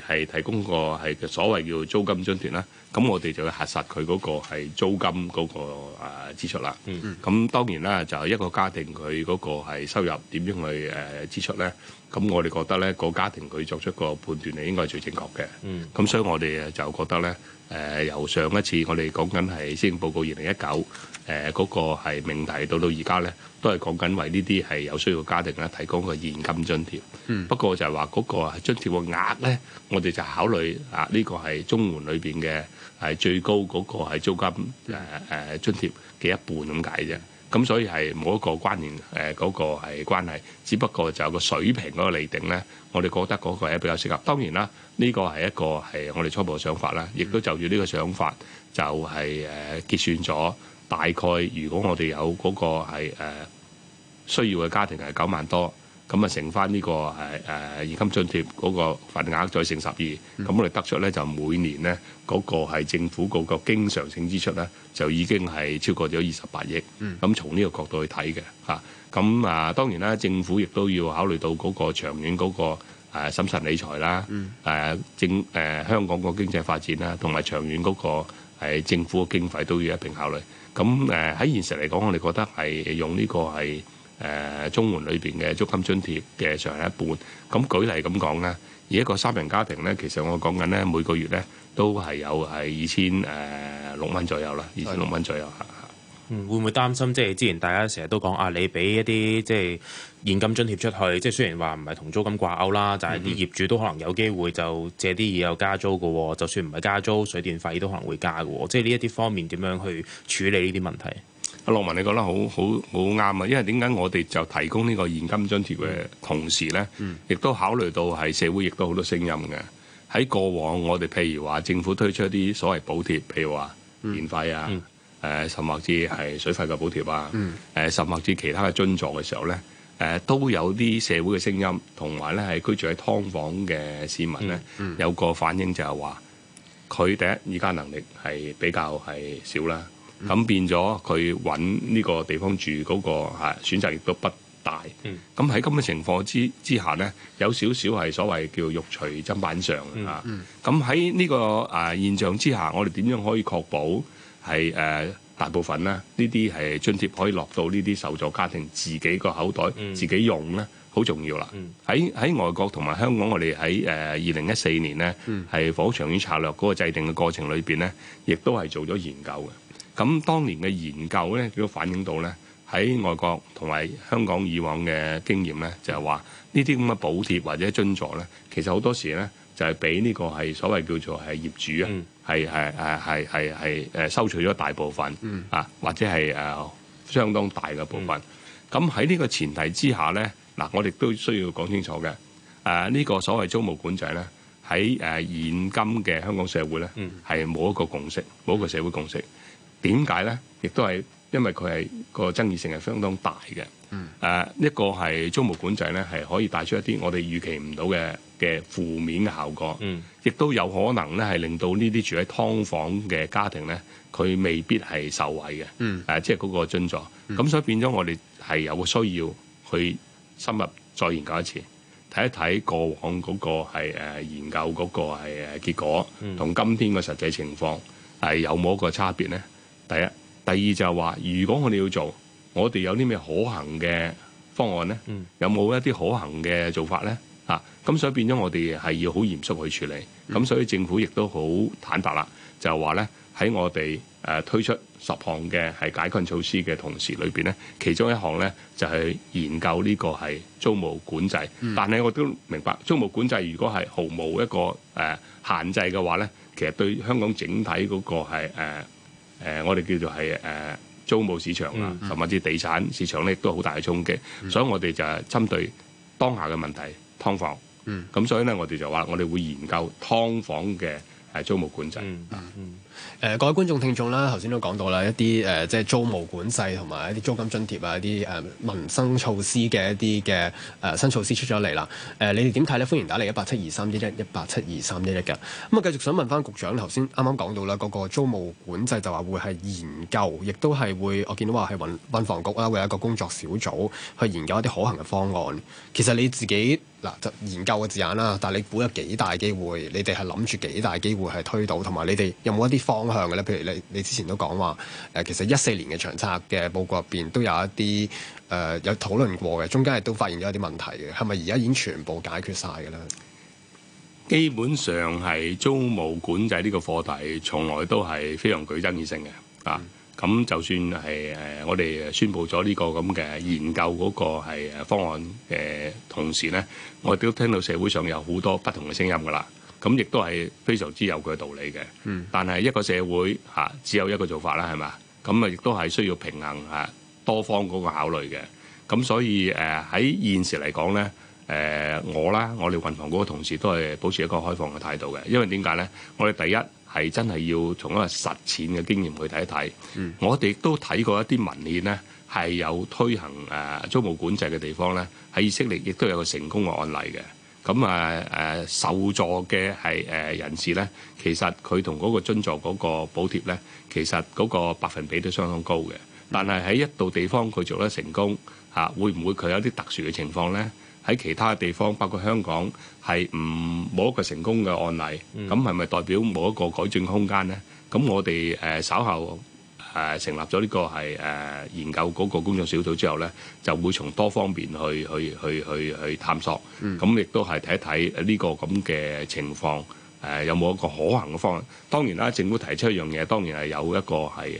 而係提供個係所謂叫租金津貼啦，咁我哋就要核實佢嗰個係租金嗰個支出啦。咁、嗯嗯啊、當然啦，就一個家庭佢嗰個係收入點樣去誒支出咧？咁我哋覺得咧，個家庭佢作出個判斷係應該係最正確嘅。咁所以我哋就覺得咧，誒由上一次我哋講緊係施政報告二零一九，誒嗰個係命題到到而家咧，都係講緊為呢啲係有需要嘅家庭咧提供個現金津貼。不過就係話嗰個係津貼個額咧，我哋就考慮啊呢個係綜援裏邊嘅係最高嗰個係租金誒誒津貼嘅一半咁解啫。咁所以係冇一個關聯誒嗰個係關係，只不過就有個水平嗰個釐定咧，我哋覺得嗰個係比較適合。當然啦，呢個係一個係我哋初步嘅想法啦，亦都就住呢個想法就係誒結算咗。大概如果我哋有嗰個係誒需要嘅家庭係九萬多。咁、呢個、啊，乘翻呢個誒誒現金津貼嗰個份額再乘十二，咁我哋得出咧就每年咧嗰、嗰個係政府個個經常性支出咧，就已經係超過咗二十八億。咁、嗯、從呢個角度去睇嘅嚇，咁啊，啊當然啦，政府亦都要考慮到嗰個長遠嗰、嗰個、啊、審慎理財啦，誒政誒香港個經濟發展啦，同埋長遠嗰個政府嘅經費都要一並考慮。咁誒喺現實嚟講，我哋覺得係用呢個係。誒、呃、綜援裏邊嘅租金津貼嘅上一半，咁舉例咁講咧，而一個三人家庭咧，其實我講緊咧每個月咧都係有係二千誒六蚊左右啦，二千六蚊左右。嗯，嗯會唔會擔心即係之前大家成日都講啊？你俾一啲即係現金津貼出去，即係雖然話唔係同租金掛鈎啦，但係啲業主都可能有機會就借啲嘢有加租嘅喎。就算唔係加租，水電費都可能會加嘅喎。即係呢一啲方面點樣去處理呢啲問題？阿洛汶，你覺得好好好啱啊！因為點解我哋就提供呢個現金津貼嘅同時咧，亦、嗯、都考慮到係社會亦都好多聲音嘅。喺過往，我哋譬如話政府推出一啲所謂補貼，譬如話電費啊，誒、嗯嗯呃，甚或係水費嘅補貼啊，誒、嗯呃，甚或其他嘅津助嘅時候咧，誒、呃，都有啲社會嘅聲音，同埋咧係居住喺劏房嘅市民咧、嗯嗯，有個反應就係話，佢第一，而家能力係比較係少啦。咁變咗，佢揾呢個地方住嗰個選選擇亦都不大。咁喺咁嘅情況之之下呢，有少少係所謂叫肉隨砧板上啊。咁喺呢個誒現象之下，我哋點樣可以確保係誒、呃、大部分呢，呢啲係津貼可以落到呢啲受助家庭自己個口袋、嗯、自己用呢，好重要啦。喺、嗯、喺外國同埋香港，我哋喺誒二零一四年呢，係、嗯、房屋長遠策略嗰個制定嘅過程裏面呢，亦都係做咗研究嘅。咁當年嘅研究咧，亦都反映到咧，喺外國同埋香港以往嘅經驗咧，就係話呢啲咁嘅補貼或者津助咧，其實好多時咧就係俾呢個係所謂叫做係業主啊，係係係係係係誒收取咗大部分啊、嗯，或者係誒、呃、相當大嘅部分。咁喺呢個前提之下咧，嗱，我哋都需要講清楚嘅誒呢個所謂租務管制咧，喺誒現今嘅香港社會咧係冇一個共識，冇一個社會共識。點解呢？亦都係因為佢係個爭議性係相當大嘅、嗯啊。一個係租務管制呢係可以帶出一啲我哋預期唔到嘅嘅負面嘅效果。亦、嗯、都有可能呢，係令到呢啲住喺劏房嘅家庭呢，佢未必係受惠嘅。即係嗰個尊作咁，嗯、所以變咗我哋係有個需要去深入再研究一次，睇一睇過往嗰個係研究嗰個係結果同、嗯、今天嘅實際情況係有冇一個差別呢？第一，第二就係話，如果我哋要做，我哋有啲咩可行嘅方案呢？有冇一啲可行嘅做法呢？嚇、啊、咁，所以變咗我哋係要好嚴肅去處理。咁所以政府亦都好坦白啦，就係話呢，喺我哋誒、呃、推出十項嘅係解困措施嘅同時裏邊呢，其中一項呢，就係、是、研究呢個係租務管制。但係我都明白租務管制如果係毫無一個誒、呃、限制嘅話呢，其實對香港整體嗰個係誒，我哋叫做係誒租務市場啦，同埋啲地產市場咧，都好大嘅衝擊，所以我哋就係針對當下嘅問題劏房，咁所以咧，我哋就話我哋會研究劏房嘅誒租務管制。誒、呃、各位觀眾聽眾啦，頭先都講到啦，一啲誒、呃、即係租務管制同埋一啲租金津貼啊，一啲誒、呃、民生措施嘅一啲嘅誒新措施出咗嚟啦。誒、呃，你哋點睇咧？歡迎打嚟一八七二三一一一八七二三一一嘅。咁啊，繼、嗯、續想問翻局長，頭先啱啱講到啦，嗰、那個租務管制就話會係研究，亦都係會，我見到話係運運房局啦，會有一個工作小組去研究一啲可行嘅方案。其實你自己。嗱，就研究嘅字眼啦，但係你估有幾大機會？你哋係諗住幾大機會係推到，同埋你哋有冇一啲方向嘅咧？譬如你，你之前都講話誒，其實一四年嘅長策嘅報告入邊都有一啲誒、呃、有討論過嘅，中間亦都發現咗一啲問題嘅，係咪而家已經全部解決晒嘅咧？基本上係租務管制呢個課題，從來都係非常具爭議性嘅啊。嗯咁就算係、呃、我哋宣布咗呢個咁嘅研究嗰個方案，同時咧，我哋都聽到社會上有好多不同嘅聲音噶啦。咁亦都係非常之有佢嘅道理嘅。嗯。但係一個社會吓只有一個做法啦，係嘛？咁啊亦都係需要平衡吓多方嗰個考慮嘅。咁所以喺、呃、現時嚟講咧，我啦，我哋運行嗰個同事都係保持一個開放嘅態度嘅，因為點解咧？我哋第一。係真係要從一個實踐嘅經驗去睇一睇，嗯，我哋都睇過一啲文獻咧，係有推行誒、呃、租務管制嘅地方咧，喺以色列亦都有個成功嘅案例嘅。咁啊誒受助嘅係誒人士咧，其實佢同嗰個津助嗰個補貼咧，其實嗰個百分比都相當高嘅。但係喺一度地方佢做得成功嚇、啊，會唔會佢有啲特殊嘅情況咧？喺其他嘅地方，包括香港，係唔冇一個成功嘅案例，咁係咪代表冇一個改進空間咧？咁我哋誒稍後誒成立咗呢個係誒研究嗰個工作小組之後咧，就會從多方面去去去去去探索，咁亦都係睇一睇呢個咁嘅情況誒，有冇一個可行嘅方案？當然啦，政府提出一樣嘢，當然係有一個係誒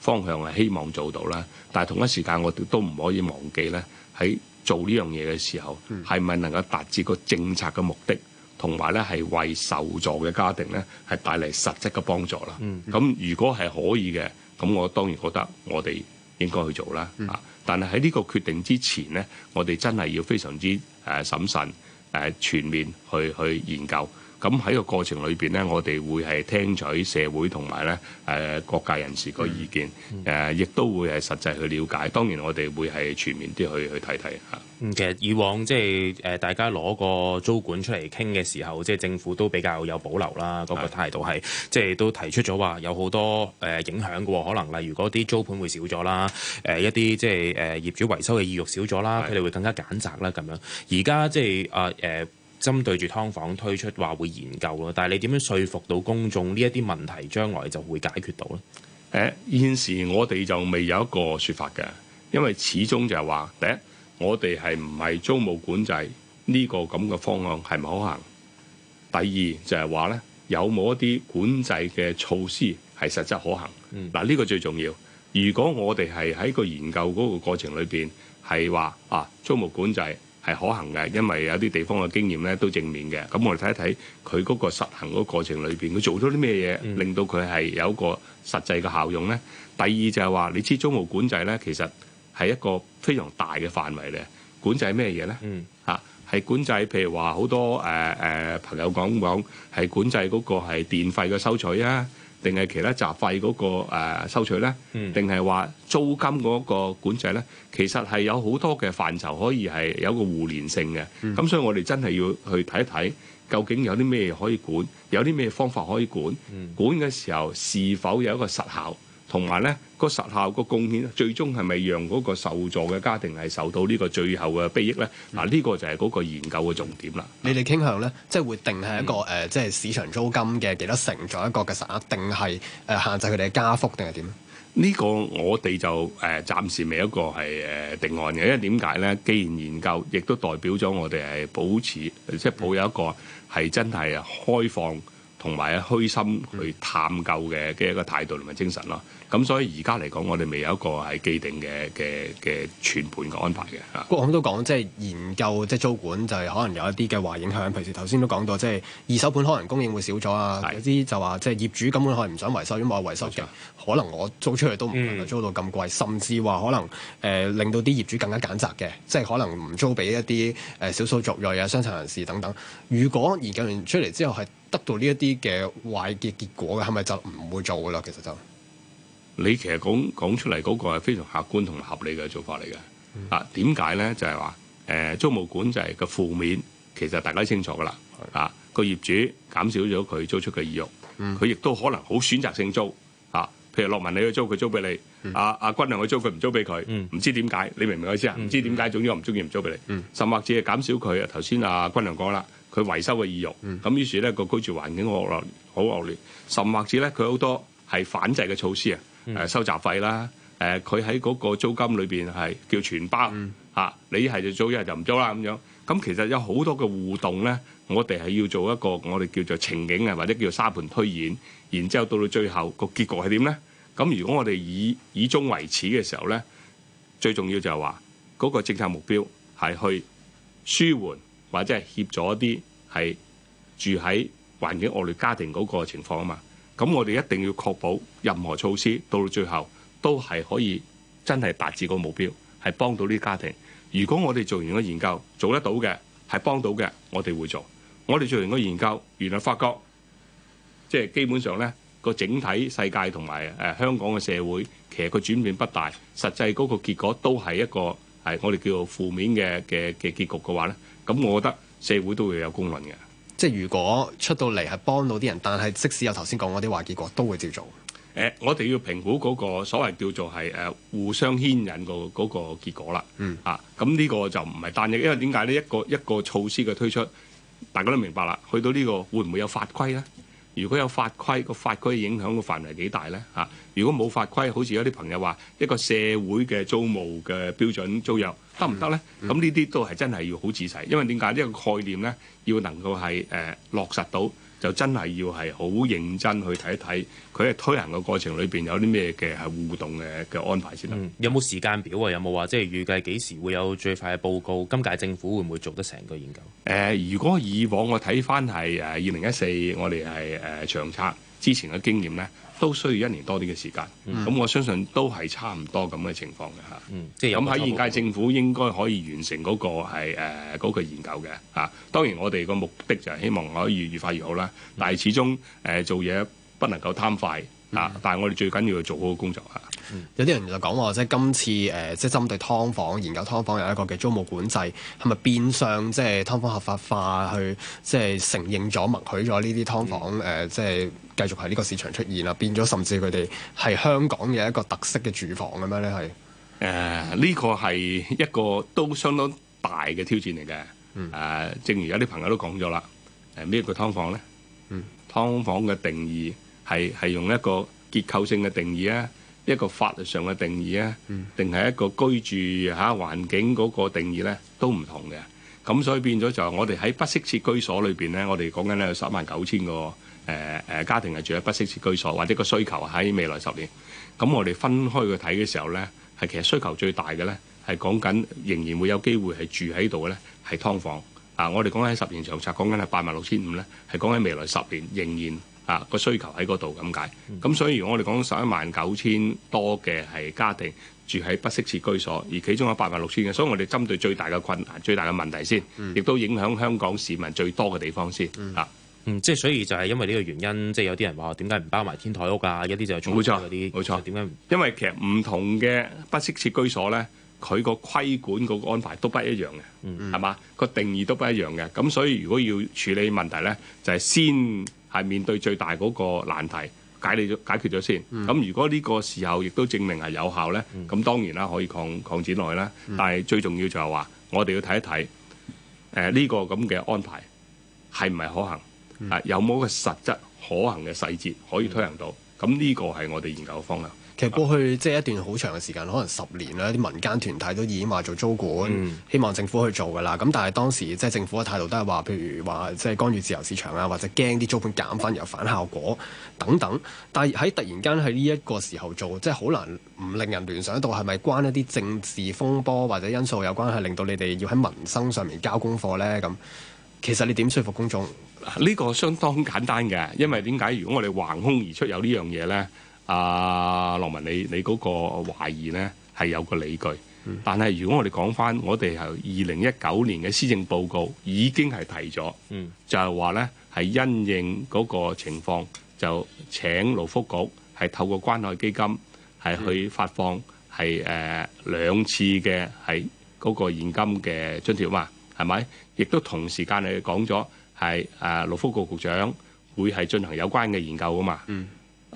方向係希望做到啦，但係同一時間我哋都唔可以忘記咧喺，做呢樣嘢嘅時候，係咪能夠達至個政策嘅目的，同埋咧係為受助嘅家庭咧係帶嚟實質嘅幫助啦？咁、嗯嗯、如果係可以嘅，咁我當然覺得我哋應該去做啦。啊！但係喺呢個決定之前咧，我哋真係要非常之誒審慎誒全面去去研究。咁喺個過程裏邊呢，我哋會係聽取社會同埋咧誒各界人士個意見，誒、嗯、亦、呃、都會係實際去了解。當然我哋會係全面啲去去睇睇吓。嗯，其實以往即係誒大家攞個租管出嚟傾嘅時候，即、就、係、是、政府都比較有保留啦，嗰、那個態度係即係都提出咗話有好多誒、呃、影響嘅喎，可能例如嗰啲租盤會少咗啦，誒、呃、一啲即係誒業主維修嘅意欲少咗啦，佢哋會更加揀擇啦咁樣。而家即係啊誒。呃呃針對住劏房推出話會研究咯，但係你點樣說服到公眾呢一啲問題將來就會解決到咧？誒，現時我哋就未有一個説法嘅，因為始終就係話第一，我哋係唔係租務管制呢、這個咁嘅方案係唔可行；第二就係話呢，有冇一啲管制嘅措施係實質可行？嗱、嗯、呢、這個最重要。如果我哋係喺個研究嗰個過程裏邊係話啊租務管制。係可行嘅，因為有啲地方嘅經驗咧都正面嘅。咁我哋睇一睇佢嗰個實行嗰過程裏邊，佢做咗啲咩嘢，令到佢係有一個實際嘅效用咧。第二就係話，你知道中澳管制咧，其實係一個非常大嘅範圍咧。管制係咩嘢咧？嚇、嗯、係、啊、管制，譬如話好多誒誒、呃、朋友講講係管制嗰個係電費嘅收取啊。定係其他雜費嗰個收取呢？定係話租金嗰個管制呢？其實係有好多嘅範疇可以係有個互聯性嘅。咁所以我哋真係要去睇一睇，究竟有啲咩可以管，有啲咩方法可以管，管嘅時候是否有一個實效？同埋咧個實效個貢獻，最終係咪讓嗰個受助嘅家庭係受到呢個最後嘅裨益咧？嗱、嗯，呢、啊呢個就係嗰個研究嘅重點啦。你哋傾向咧，即係會定係一個誒、嗯呃，即係市場租金嘅幾多成咗一個嘅實額，定係誒限制佢哋嘅加幅，定係點？呢個我哋就誒、呃、暫時未一個係誒、呃、定案嘅，因為點解咧？既然研究，亦都代表咗我哋係保持，嗯、即係抱有一個係真係開放。同埋虛心去探究嘅嘅一個態度同埋精神咯。咁、嗯、所以而家嚟講，我哋未有一個係既定嘅嘅嘅全盤嘅安排嘅。不過我都講即係研究即係、就是、租管，就係可能有一啲嘅話影響。譬如頭先都講到即係、就是、二手盤可能供應會少咗啊。有啲就話即係業主根本可能唔想維修，因為我維修嘅可能我租出去都唔能夠租到咁貴、嗯，甚至話可能誒、呃、令到啲業主更加揀擇嘅，即、就、係、是、可能唔租俾一啲誒少數族裔啊、傷殘人士等等。如果研究完出嚟之後係得到呢一啲嘅壞嘅結果嘅，係咪就唔會做噶啦？其實就你其實講講出嚟嗰個係非常客觀同合理嘅做法嚟嘅、嗯。啊，點解咧？就係話誒租務管制嘅負面，其實大家清楚噶啦。啊，個業主減少咗佢租出嘅意欲，佢、嗯、亦都可能好選擇性租啊。譬如洛汶，你去租佢租俾你，阿、嗯、阿、啊、亮均，去租佢唔租俾佢，唔、嗯、知點解？你明唔明我意思啊？唔、嗯、知點解，總之我唔中意唔租俾你，嗯、甚或者係減少佢。頭先阿亮均講啦。佢維修嘅意欲，咁於是咧個居住環境惡劣，好惡劣，甚或者咧佢好多係反制嘅措施啊，誒收集費啦，誒佢喺嗰個租金裏邊係叫全包嚇、嗯，你係就租，一係就唔租啦咁樣。咁其實有好多嘅互動咧，我哋係要做一個我哋叫做情景啊，或者叫做沙盤推演，然之後到到最後個結局係點咧？咁如果我哋以以終為始嘅時候咧，最重要就係話嗰個政策目標係去舒緩。或者係協助一啲係住喺環境惡劣家庭嗰個情況啊嘛。咁我哋一定要確保任何措施到最後都係可以真係達至個目標，係幫到呢啲家庭。如果我哋做完個研究做得到嘅係幫到嘅，我哋會做。我哋做完個研究原來發覺即係基本上呢個整體世界同埋誒香港嘅社會其實個轉變不大，實際嗰個結果都係一個係我哋叫做負面嘅嘅嘅結局嘅話呢咁我覺得社會都會有公論嘅，即係如果出到嚟係幫到啲人，但係即使有頭先講嗰啲壞結果，都會照做。呃、我哋要評估嗰個所謂叫做係互相牽引個嗰個結果啦。嗯啊，咁呢個就唔係單一，因為點解呢？一個一個措施嘅推出，大家都明白啦。去到呢、呢個會唔會有法規咧？如果有法規，個法規影響嘅範圍幾大咧、啊？如果冇法規，好似有啲朋友話，一個社會嘅租務嘅標準租約。得唔得咧？咁呢啲都係真係要好仔細，因為點解呢個概念咧要能夠係誒、呃、落實到，就真係要係好認真去睇一睇佢喺推行嘅過程裏邊有啲咩嘅係互動嘅嘅安排先啦、嗯。有冇時間表啊？有冇話即係預計幾時會有最快嘅報告？今屆政府會唔會做得成個研究？誒、呃，如果以往我睇翻係誒二零一四我哋係誒長策之前嘅經驗咧。都需要一年多啲嘅時間，咁我相信都係差唔多咁嘅情況嘅吓，嗯，即係咁喺現屆政府應該可以完成嗰、嗰個係誒嗰個研究嘅吓、啊，當然我哋個目的就係希望可以越快越好啦。但係始終誒、呃、做嘢不能夠貪快啊！但係我哋最緊要去做好個工作吓。啊有啲人就講話，即係今次誒，即係針對劏房研究劏房有一個嘅租務管制，係咪變相即係劏房合法化，去即係承認咗默許咗呢啲劏房誒，即、嗯、係繼續喺呢個市場出現啦，變咗甚至佢哋係香港嘅一個特色嘅住房咁樣咧，係誒呢個係一個都相當大嘅挑戰嚟嘅。誒、嗯呃，正如有啲朋友都講咗啦，誒咩叫劏房咧？嗯，劏房嘅定義係係用一個結構性嘅定義咧。一個法律上嘅定義啊，定係一個居住嚇環境嗰個定義咧，都唔同嘅。咁所以變咗就係我哋喺不適切居所裏邊咧，我哋講緊咧有十一萬九千個誒誒家庭係住喺不適切居所，或者個需求喺未來十年。咁我哋分開去睇嘅時候咧，係其實需求最大嘅咧，係講緊仍然會有機會係住喺度嘅咧，係劏房。啊，我哋講緊喺十年長策講緊係八萬六千五咧，係講緊未來十年仍然。啊！個需求喺嗰度咁解咁，嗯、所以我哋講十一萬九千多嘅係家庭住喺不適切居所，而其中有八萬六千嘅，所以我哋針對最大嘅困難、最大嘅問題先，亦、嗯、都影響香港市民最多嘅地方先嗯、啊、嗯，即係所以就係因為呢個原因，即係有啲人話點解唔包埋天台屋啊？一啲就係冇錯啲冇錯點解？因為其實唔同嘅不適切居所咧，佢個規管嗰個安排都不一樣嘅，係嘛，個定義都不一樣嘅。咁所以如果要處理問題咧，就係、是、先。係面對最大嗰個難題，解決咗解決咗先。咁、嗯、如果呢個時候亦都證明係有效咧，咁、嗯、當然啦，可以擴擴展落去啦、嗯。但係最重要就係話，我哋要睇一睇，誒、呃、呢、呢個咁嘅安排係唔係可行，係、嗯啊、有冇一個實質可行嘅細節可以推行到。嗯嗯。咁呢個係我哋研究方向。其實過去即係一段好長嘅時間，可能十年啦，啲民間團體都已經話做租管、嗯，希望政府去做噶啦。咁但係當時即係政府嘅態度都係話，譬如話即係干預自由市場啊，或者驚啲租管減翻又反效果等等。但係喺突然間喺呢一個時候做，即係好難唔令人聯想到係咪關一啲政治風波或者因素有關係，令到你哋要喺民生上面交功課呢。咁。其實你點説服公眾？呢、這個相當簡單嘅，因為點解？如果我哋橫空而出有呢樣嘢呢？阿、呃、洛汶，你你嗰個懷疑呢係有個理據。但係如果我哋講翻，我哋由二零一九年嘅施政報告已經係提咗、嗯，就係、是、話呢係因應嗰個情況，就請勞福局係透過關愛基金係去發放係誒兩次嘅喺嗰個現金嘅津貼嘛，係咪？亦都同時間嚟講咗係誒，勞、啊、福局局長會係進行有關嘅研究啊嘛。事、嗯、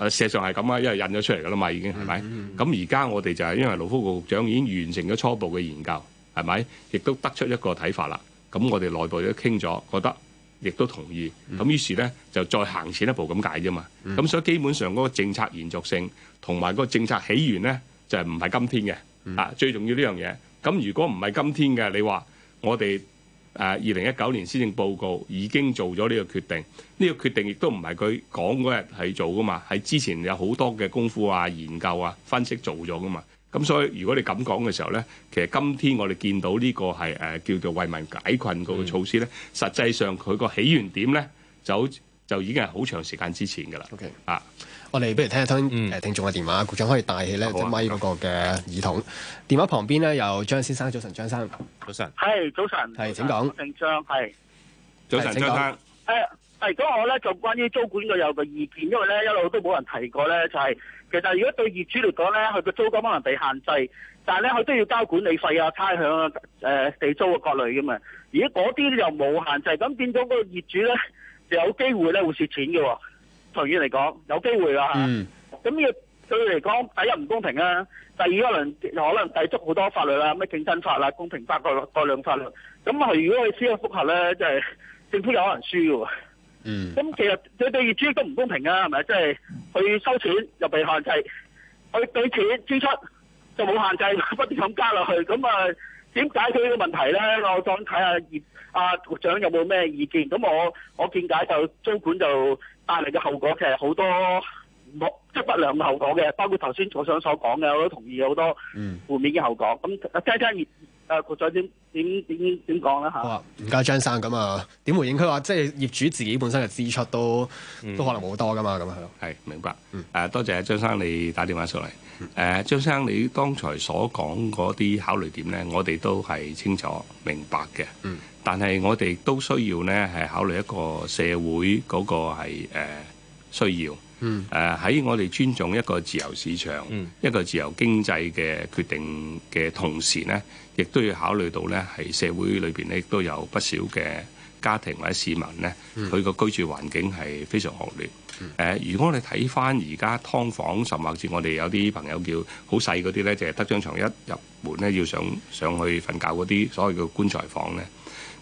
實上係咁啊，因為印咗出嚟噶啦嘛，已經係咪咁？而家、嗯嗯、我哋就係因為勞福局局長已經完成咗初步嘅研究，係咪？亦都得出一個睇法啦。咁我哋內部都傾咗，覺得亦都同意。咁、嗯、於是咧就再行前一步咁解啫嘛。咁、嗯、所以基本上嗰個政策延續性同埋嗰個政策起源咧，就係唔係今天嘅、嗯、啊？最重要呢樣嘢咁，咁如果唔係今天嘅，你話我哋。二零一九年施政報告已經做咗呢個決定，呢個決定亦都唔係佢講嗰日係做噶嘛，係之前有好多嘅功夫啊、研究啊、分析做咗噶嘛。咁所以如果你咁講嘅時候呢，其實今天我哋見到呢個係叫做為民解困嗰個措施呢、嗯，實際上佢個起源點呢，就就已經係好長時間之前㗎啦。Okay. 啊。我哋不如聽一聽誒聽眾聽嘅電話、嗯，局長可以戴起咧即咪嗰個嘅耳筒？電話旁邊咧有張先生，早晨，張生，早晨，係早晨，係，請講。張生係早晨，請講。誒、哎，係、哎，咁我咧就關於租管嘅有個意見，因為咧一路都冇人提過咧，就係、是、其實如果對業主嚟講咧，佢個租金可能被，被限制，但係咧佢都要交管理費啊、差餉啊、誒、呃、地租啊各類噶嘛。而家嗰啲又冇限制，咁變咗個業主咧就有機會咧會蝕錢嘅、啊。長遠嚟講有機會啦嚇，咁對佢嚟講，第一唔公平啊，第二可能可能抵觸好多法律啦，咩競爭法啦、公平法、過過量法律。咁啊如果佢司法覆核咧，即係政府有可能輸嘅喎。嗯，咁其實對對業主都唔公平啊，係咪？即係佢收錢又被限制，佢對錢支出就冇限制，不斷咁加落去，咁啊。點解決呢個問題咧？我想睇下葉啊局長有冇咩意見？咁我我見解，就租管就帶嚟嘅後果其實好多冇，即係不良嘅後果嘅，包括頭先局長所講嘅，我都同意好多負面嘅後果。咁聽一聽誒、呃，局長點點點點講啦嚇。好啊，唔該張生咁啊，點回應佢話，即、就、係、是、業主自己本身嘅支出都、嗯、都可能好多噶嘛？咁咯，係明白。誒、嗯啊，多謝啊，張生你打電話上嚟。誒、嗯啊，張生你剛才所講嗰啲考慮點咧，我哋都係清楚明白嘅。嗯。但係我哋都需要咧，係考慮一個社會嗰個係、呃、需要。嗯。誒、啊，喺我哋尊重一個自由市場、嗯、一個自由經濟嘅決定嘅同時咧。亦都要考慮到呢，係社會裏面呢亦都有不少嘅家庭或者市民呢，佢、mm. 個居住環境係非常惡劣、呃。如果我哋睇翻而家㓥房，甚或至我哋有啲朋友叫好細嗰啲呢，就係、是、得張床一入門呢，要上上去瞓覺嗰啲所謂嘅棺材房呢。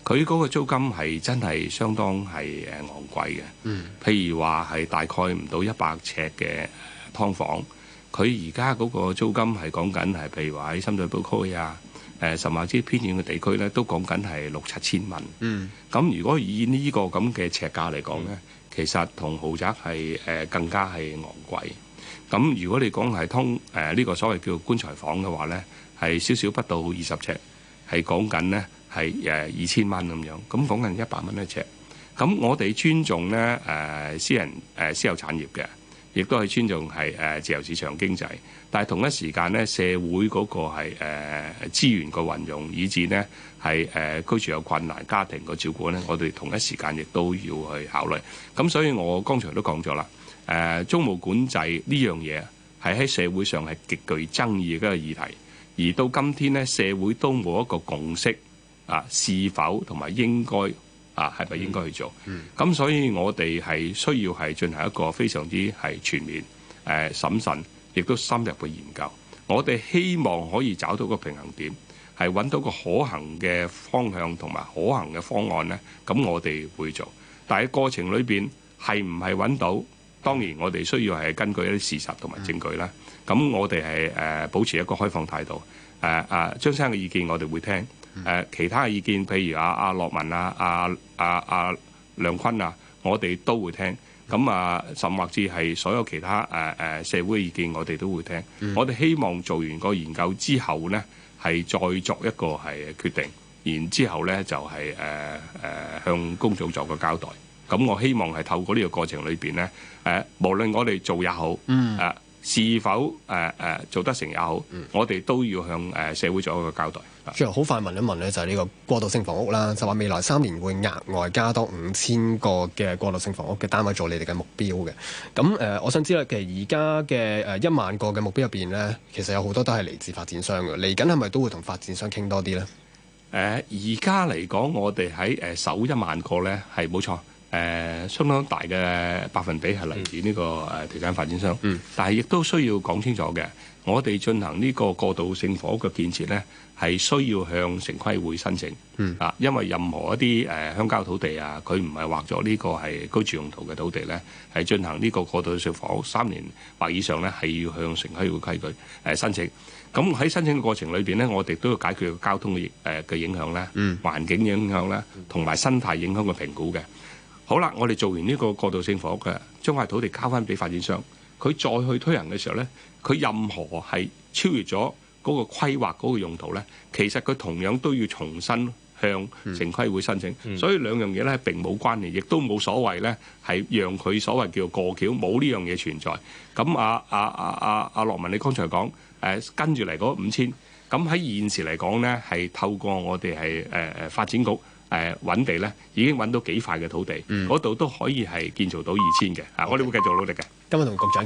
佢嗰個租金係真係相當係昂貴嘅、mm.。譬如話係大概唔到一百尺嘅劏房，佢而家嗰個租金係講緊係譬如話喺深水埗區啊。十、呃、甚至偏遠嘅地區咧，都講緊係六七千蚊。嗯，咁如果以呢個咁嘅尺價嚟講咧、嗯，其實同豪宅係、呃、更加係昂貴。咁如果你講係通誒呢、呃呢個所謂叫棺材房嘅話咧，係少少不到二十尺，係講緊咧係二千蚊咁樣。咁講緊一百蚊一尺。咁我哋尊重咧誒、呃、私人、呃、私有產業嘅。亦都係尊重係誒自由市場經濟，但係同一時間咧，社會嗰個係誒、呃、資源個運用，以至咧係誒居住有困難、家庭個照顧咧，我哋同一時間亦都要去考慮。咁所以我剛才都講咗啦，誒租務管制呢樣嘢係喺社會上係極具爭議嘅一個議題，而到今天咧，社會都冇一個共識啊，是否同埋應該？啊，係咪應該去做？咁所以我哋係需要係進行一個非常之係全面、誒、呃、審慎，亦都深入嘅研究。我哋希望可以找到個平衡點，係揾到個可行嘅方向同埋可行嘅方案咧。咁我哋會做，但係過程裏邊係唔係揾到？當然我哋需要係根據一啲事實同埋證據啦。咁我哋係誒保持一個開放態度。誒、呃、啊，張生嘅意見我哋會聽。誒其他嘅意見，譬如啊啊洛汶啊啊啊啊亮均啊，我哋都會聽。咁啊，甚至係所有其他誒誒、啊、社會嘅意見，我哋都會聽。嗯、我哋希望做完個研究之後呢，係再作一個係決定，然之後呢，就係誒誒向公眾作做個交代。咁我希望係透過呢個過程裏邊呢誒無論我哋做也好，誒、嗯啊、是否誒誒、啊啊、做得成也好，嗯、我哋都要向誒社會作一個交代。最後好快問一問咧，就係呢個過渡性房屋啦，就話未來三年會額外加多五千個嘅過渡性房屋嘅單位做你哋嘅目標嘅。咁誒、呃，我想知咧，其實而家嘅誒一萬個嘅目標入邊咧，其實有好多都係嚟自發展商嘅，嚟緊係咪都會同發展商傾多啲咧？誒、呃，而家嚟講，我哋喺誒首一萬個咧，係冇錯，誒、呃、相當大嘅百分比係嚟自呢、這個誒地產發展商，嗯，但係亦都需要講清楚嘅。我哋進行呢個過渡性房屋嘅建設呢，係需要向城規會申請啊、嗯。因為任何一啲誒、呃、鄉郊土地啊，佢唔係劃咗呢個係居住用途嘅土地呢，係進行呢個過渡性房屋三年或以上呢，係要向城規會規矩誒、呃、申請。咁喺申請嘅過程裏邊呢，我哋都要解決交通嘅、呃、影響呢、嗯、環境嘅影響呢同埋生態影響嘅評估嘅。好啦，我哋做完呢個過渡性房屋嘅，將塊土地交翻俾發展商，佢再去推行嘅時候呢。佢任何係超越咗個規劃個用途咧，其實佢同樣都要重新向城規會申請。嗯嗯、所以兩樣嘢咧並冇關聯，亦都冇所謂咧，係讓佢所謂叫做過橋，冇呢樣嘢存在。咁啊啊啊啊阿洛汶你剛才講誒跟住嚟嗰五千，咁、呃、喺現時嚟講咧，係透過我哋係誒誒發展局誒揾、呃、地咧，已經揾到幾塊嘅土地，度、嗯、都可以係建造到二千嘅。啊、okay.，我哋會繼續努力嘅。今日同局長。